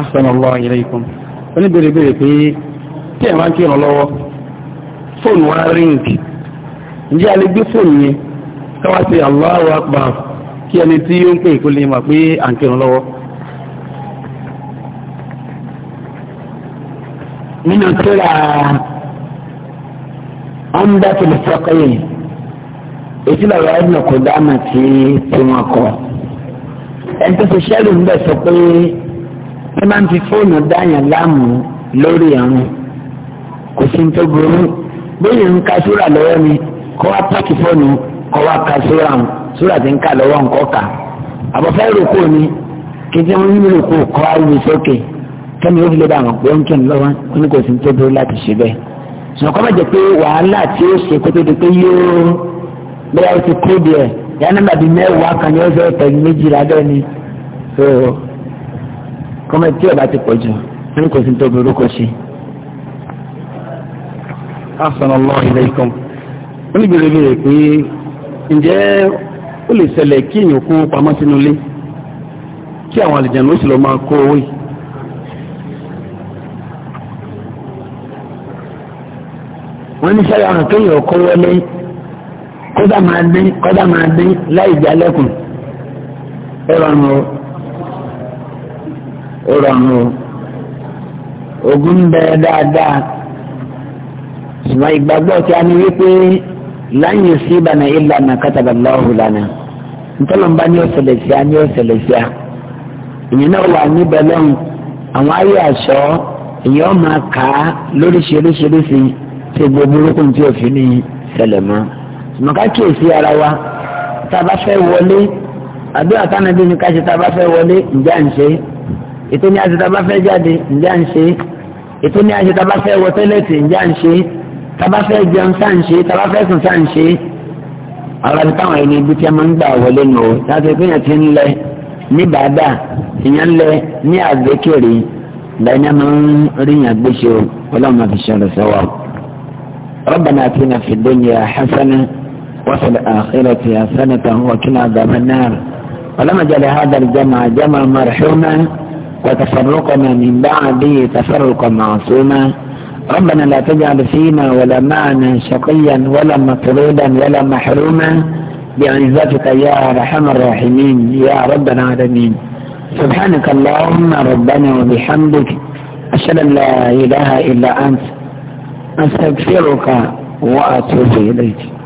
Ahsanallahu ilaykum oníbèrè bèrè pé tí ẹ̀ máa ń kírun lọ́wọ́ fóònù wa ríǹgì ǹjẹ́ a lè gbé fóònù yẹn káwá sí Allahu akbar kí ẹni tí ó ń pè kó lè mọ̀ pé à ń kírun lọ́wọ́. nínú kíra ọ̀ndà tìlẹ̀fọ́kẹ́yì ètí lọ́wọ́ ẹ̀dùn kò dáàmà tí tí wọ́n kọ́ ẹni tó fi ṣẹ́lù ń bẹ̀ sọ pé ẹ máa ń fi fóònù dáyàn láàmú lórí ẹ̀rùn kò sí ní tó burú bóyá ń ka súrà lọ́wọ́ mi kọ́ wá pàkì fóònù kọ́ wá ka súrà ń súrà ti ń kà lọ́wọ́ ń kà àbọ̀fẹ́ rò kò ní kí n ti ń rò kò kọ́ wá sókè. Okay kẹ́mi ó fi lè bá àwọn pé ó ń kí ni lọ́wọ́ ó ní kò sí tó dúró láti ṣe bẹ́ẹ̀ ṣùgbọ́n kọ́ bá jẹ́ pé wàhálà tí ó ṣe kó tó di pé yóò bóyá ó ti kó díẹ̀ yá nígbà bíi mẹ́wàá kan ni ó fẹ́ pẹ̀lú méjìlá bẹ́ẹ̀ ni kọ́mọ tí ọba ti pọ̀ jù ó ní kò sí tó dúró kó ṣe. Assalamu alaykum wọ́n ní bèrè pé ǹjẹ́ ó lè ṣẹlẹ̀ kí èèyàn kó pamọ́ sínú ilé kí àwọn àlejò àná ó sì lọ máa kó owó yìí wọ́n ní sẹ́yà hàn kéèyàn kó wọlé kódà máa dín kódà máa dín láì o ó rọrùn ogun bẹ dáadáa ṣùgbọ́n ìgbàgbọ́ tí a ní wípé láyìn sí ìbànà ìlànà kátàbà lọ́hùn lánàá ntọ́lọ́mbá ní ọ̀sẹ̀lẹ̀ sí a ní ọ̀sẹ̀lẹ̀ sí a ìyẹn náà wà níbẹ̀ lọ́hùn àwọn ayé àṣọ ìyẹn ọ̀ máa tí gbogbo burúkú tí o fi ní ṣẹlẹ̀ mọ́ mọ̀ká kíyèsí ara wa tá fẹ́ wọlé àdúrà tánàbí ni ká ṣe tá a bá fẹ́ wọlé ǹjẹ́ à ń ṣe ètò ní àṣetá bá fẹ́ jáde ǹjẹ́ à ń ṣe ètò ní àṣetá bá fẹ́ wọ tẹ́lẹ̀tì ǹjẹ́ à ń ṣe tá a bá fẹ́ jẹun sáà ń ṣe tá a bá fẹ́ sùn sáà ń ṣe ọ̀rọ̀ àti táwọn ẹni ibi tí a máa ń gbà wọlé nù ó láti pé yẹn ti ń lẹ ní bàdà ìyẹn ń lẹ ní àgbékèrè lẹ́yìn a máa ń ríyàn gbéṣe ọlọ́run àfi ṣe sọ́wọ́. ربنا اتنا في الدنيا حسنة وفي الآخرة حسنة وكنا عذاب النار ولما جاء هذا الجمع جمع مرحوما وتفرقنا من بعده تفرقا معصوما ربنا لا تجعل فينا ولا معنا شقيا ولا مطرودا ولا محروما بعزتك يا ارحم الراحمين يا رب العالمين سبحانك اللهم ربنا وبحمدك أشهد أن لا إله إلا أنت أستغفرك وأتوب إليك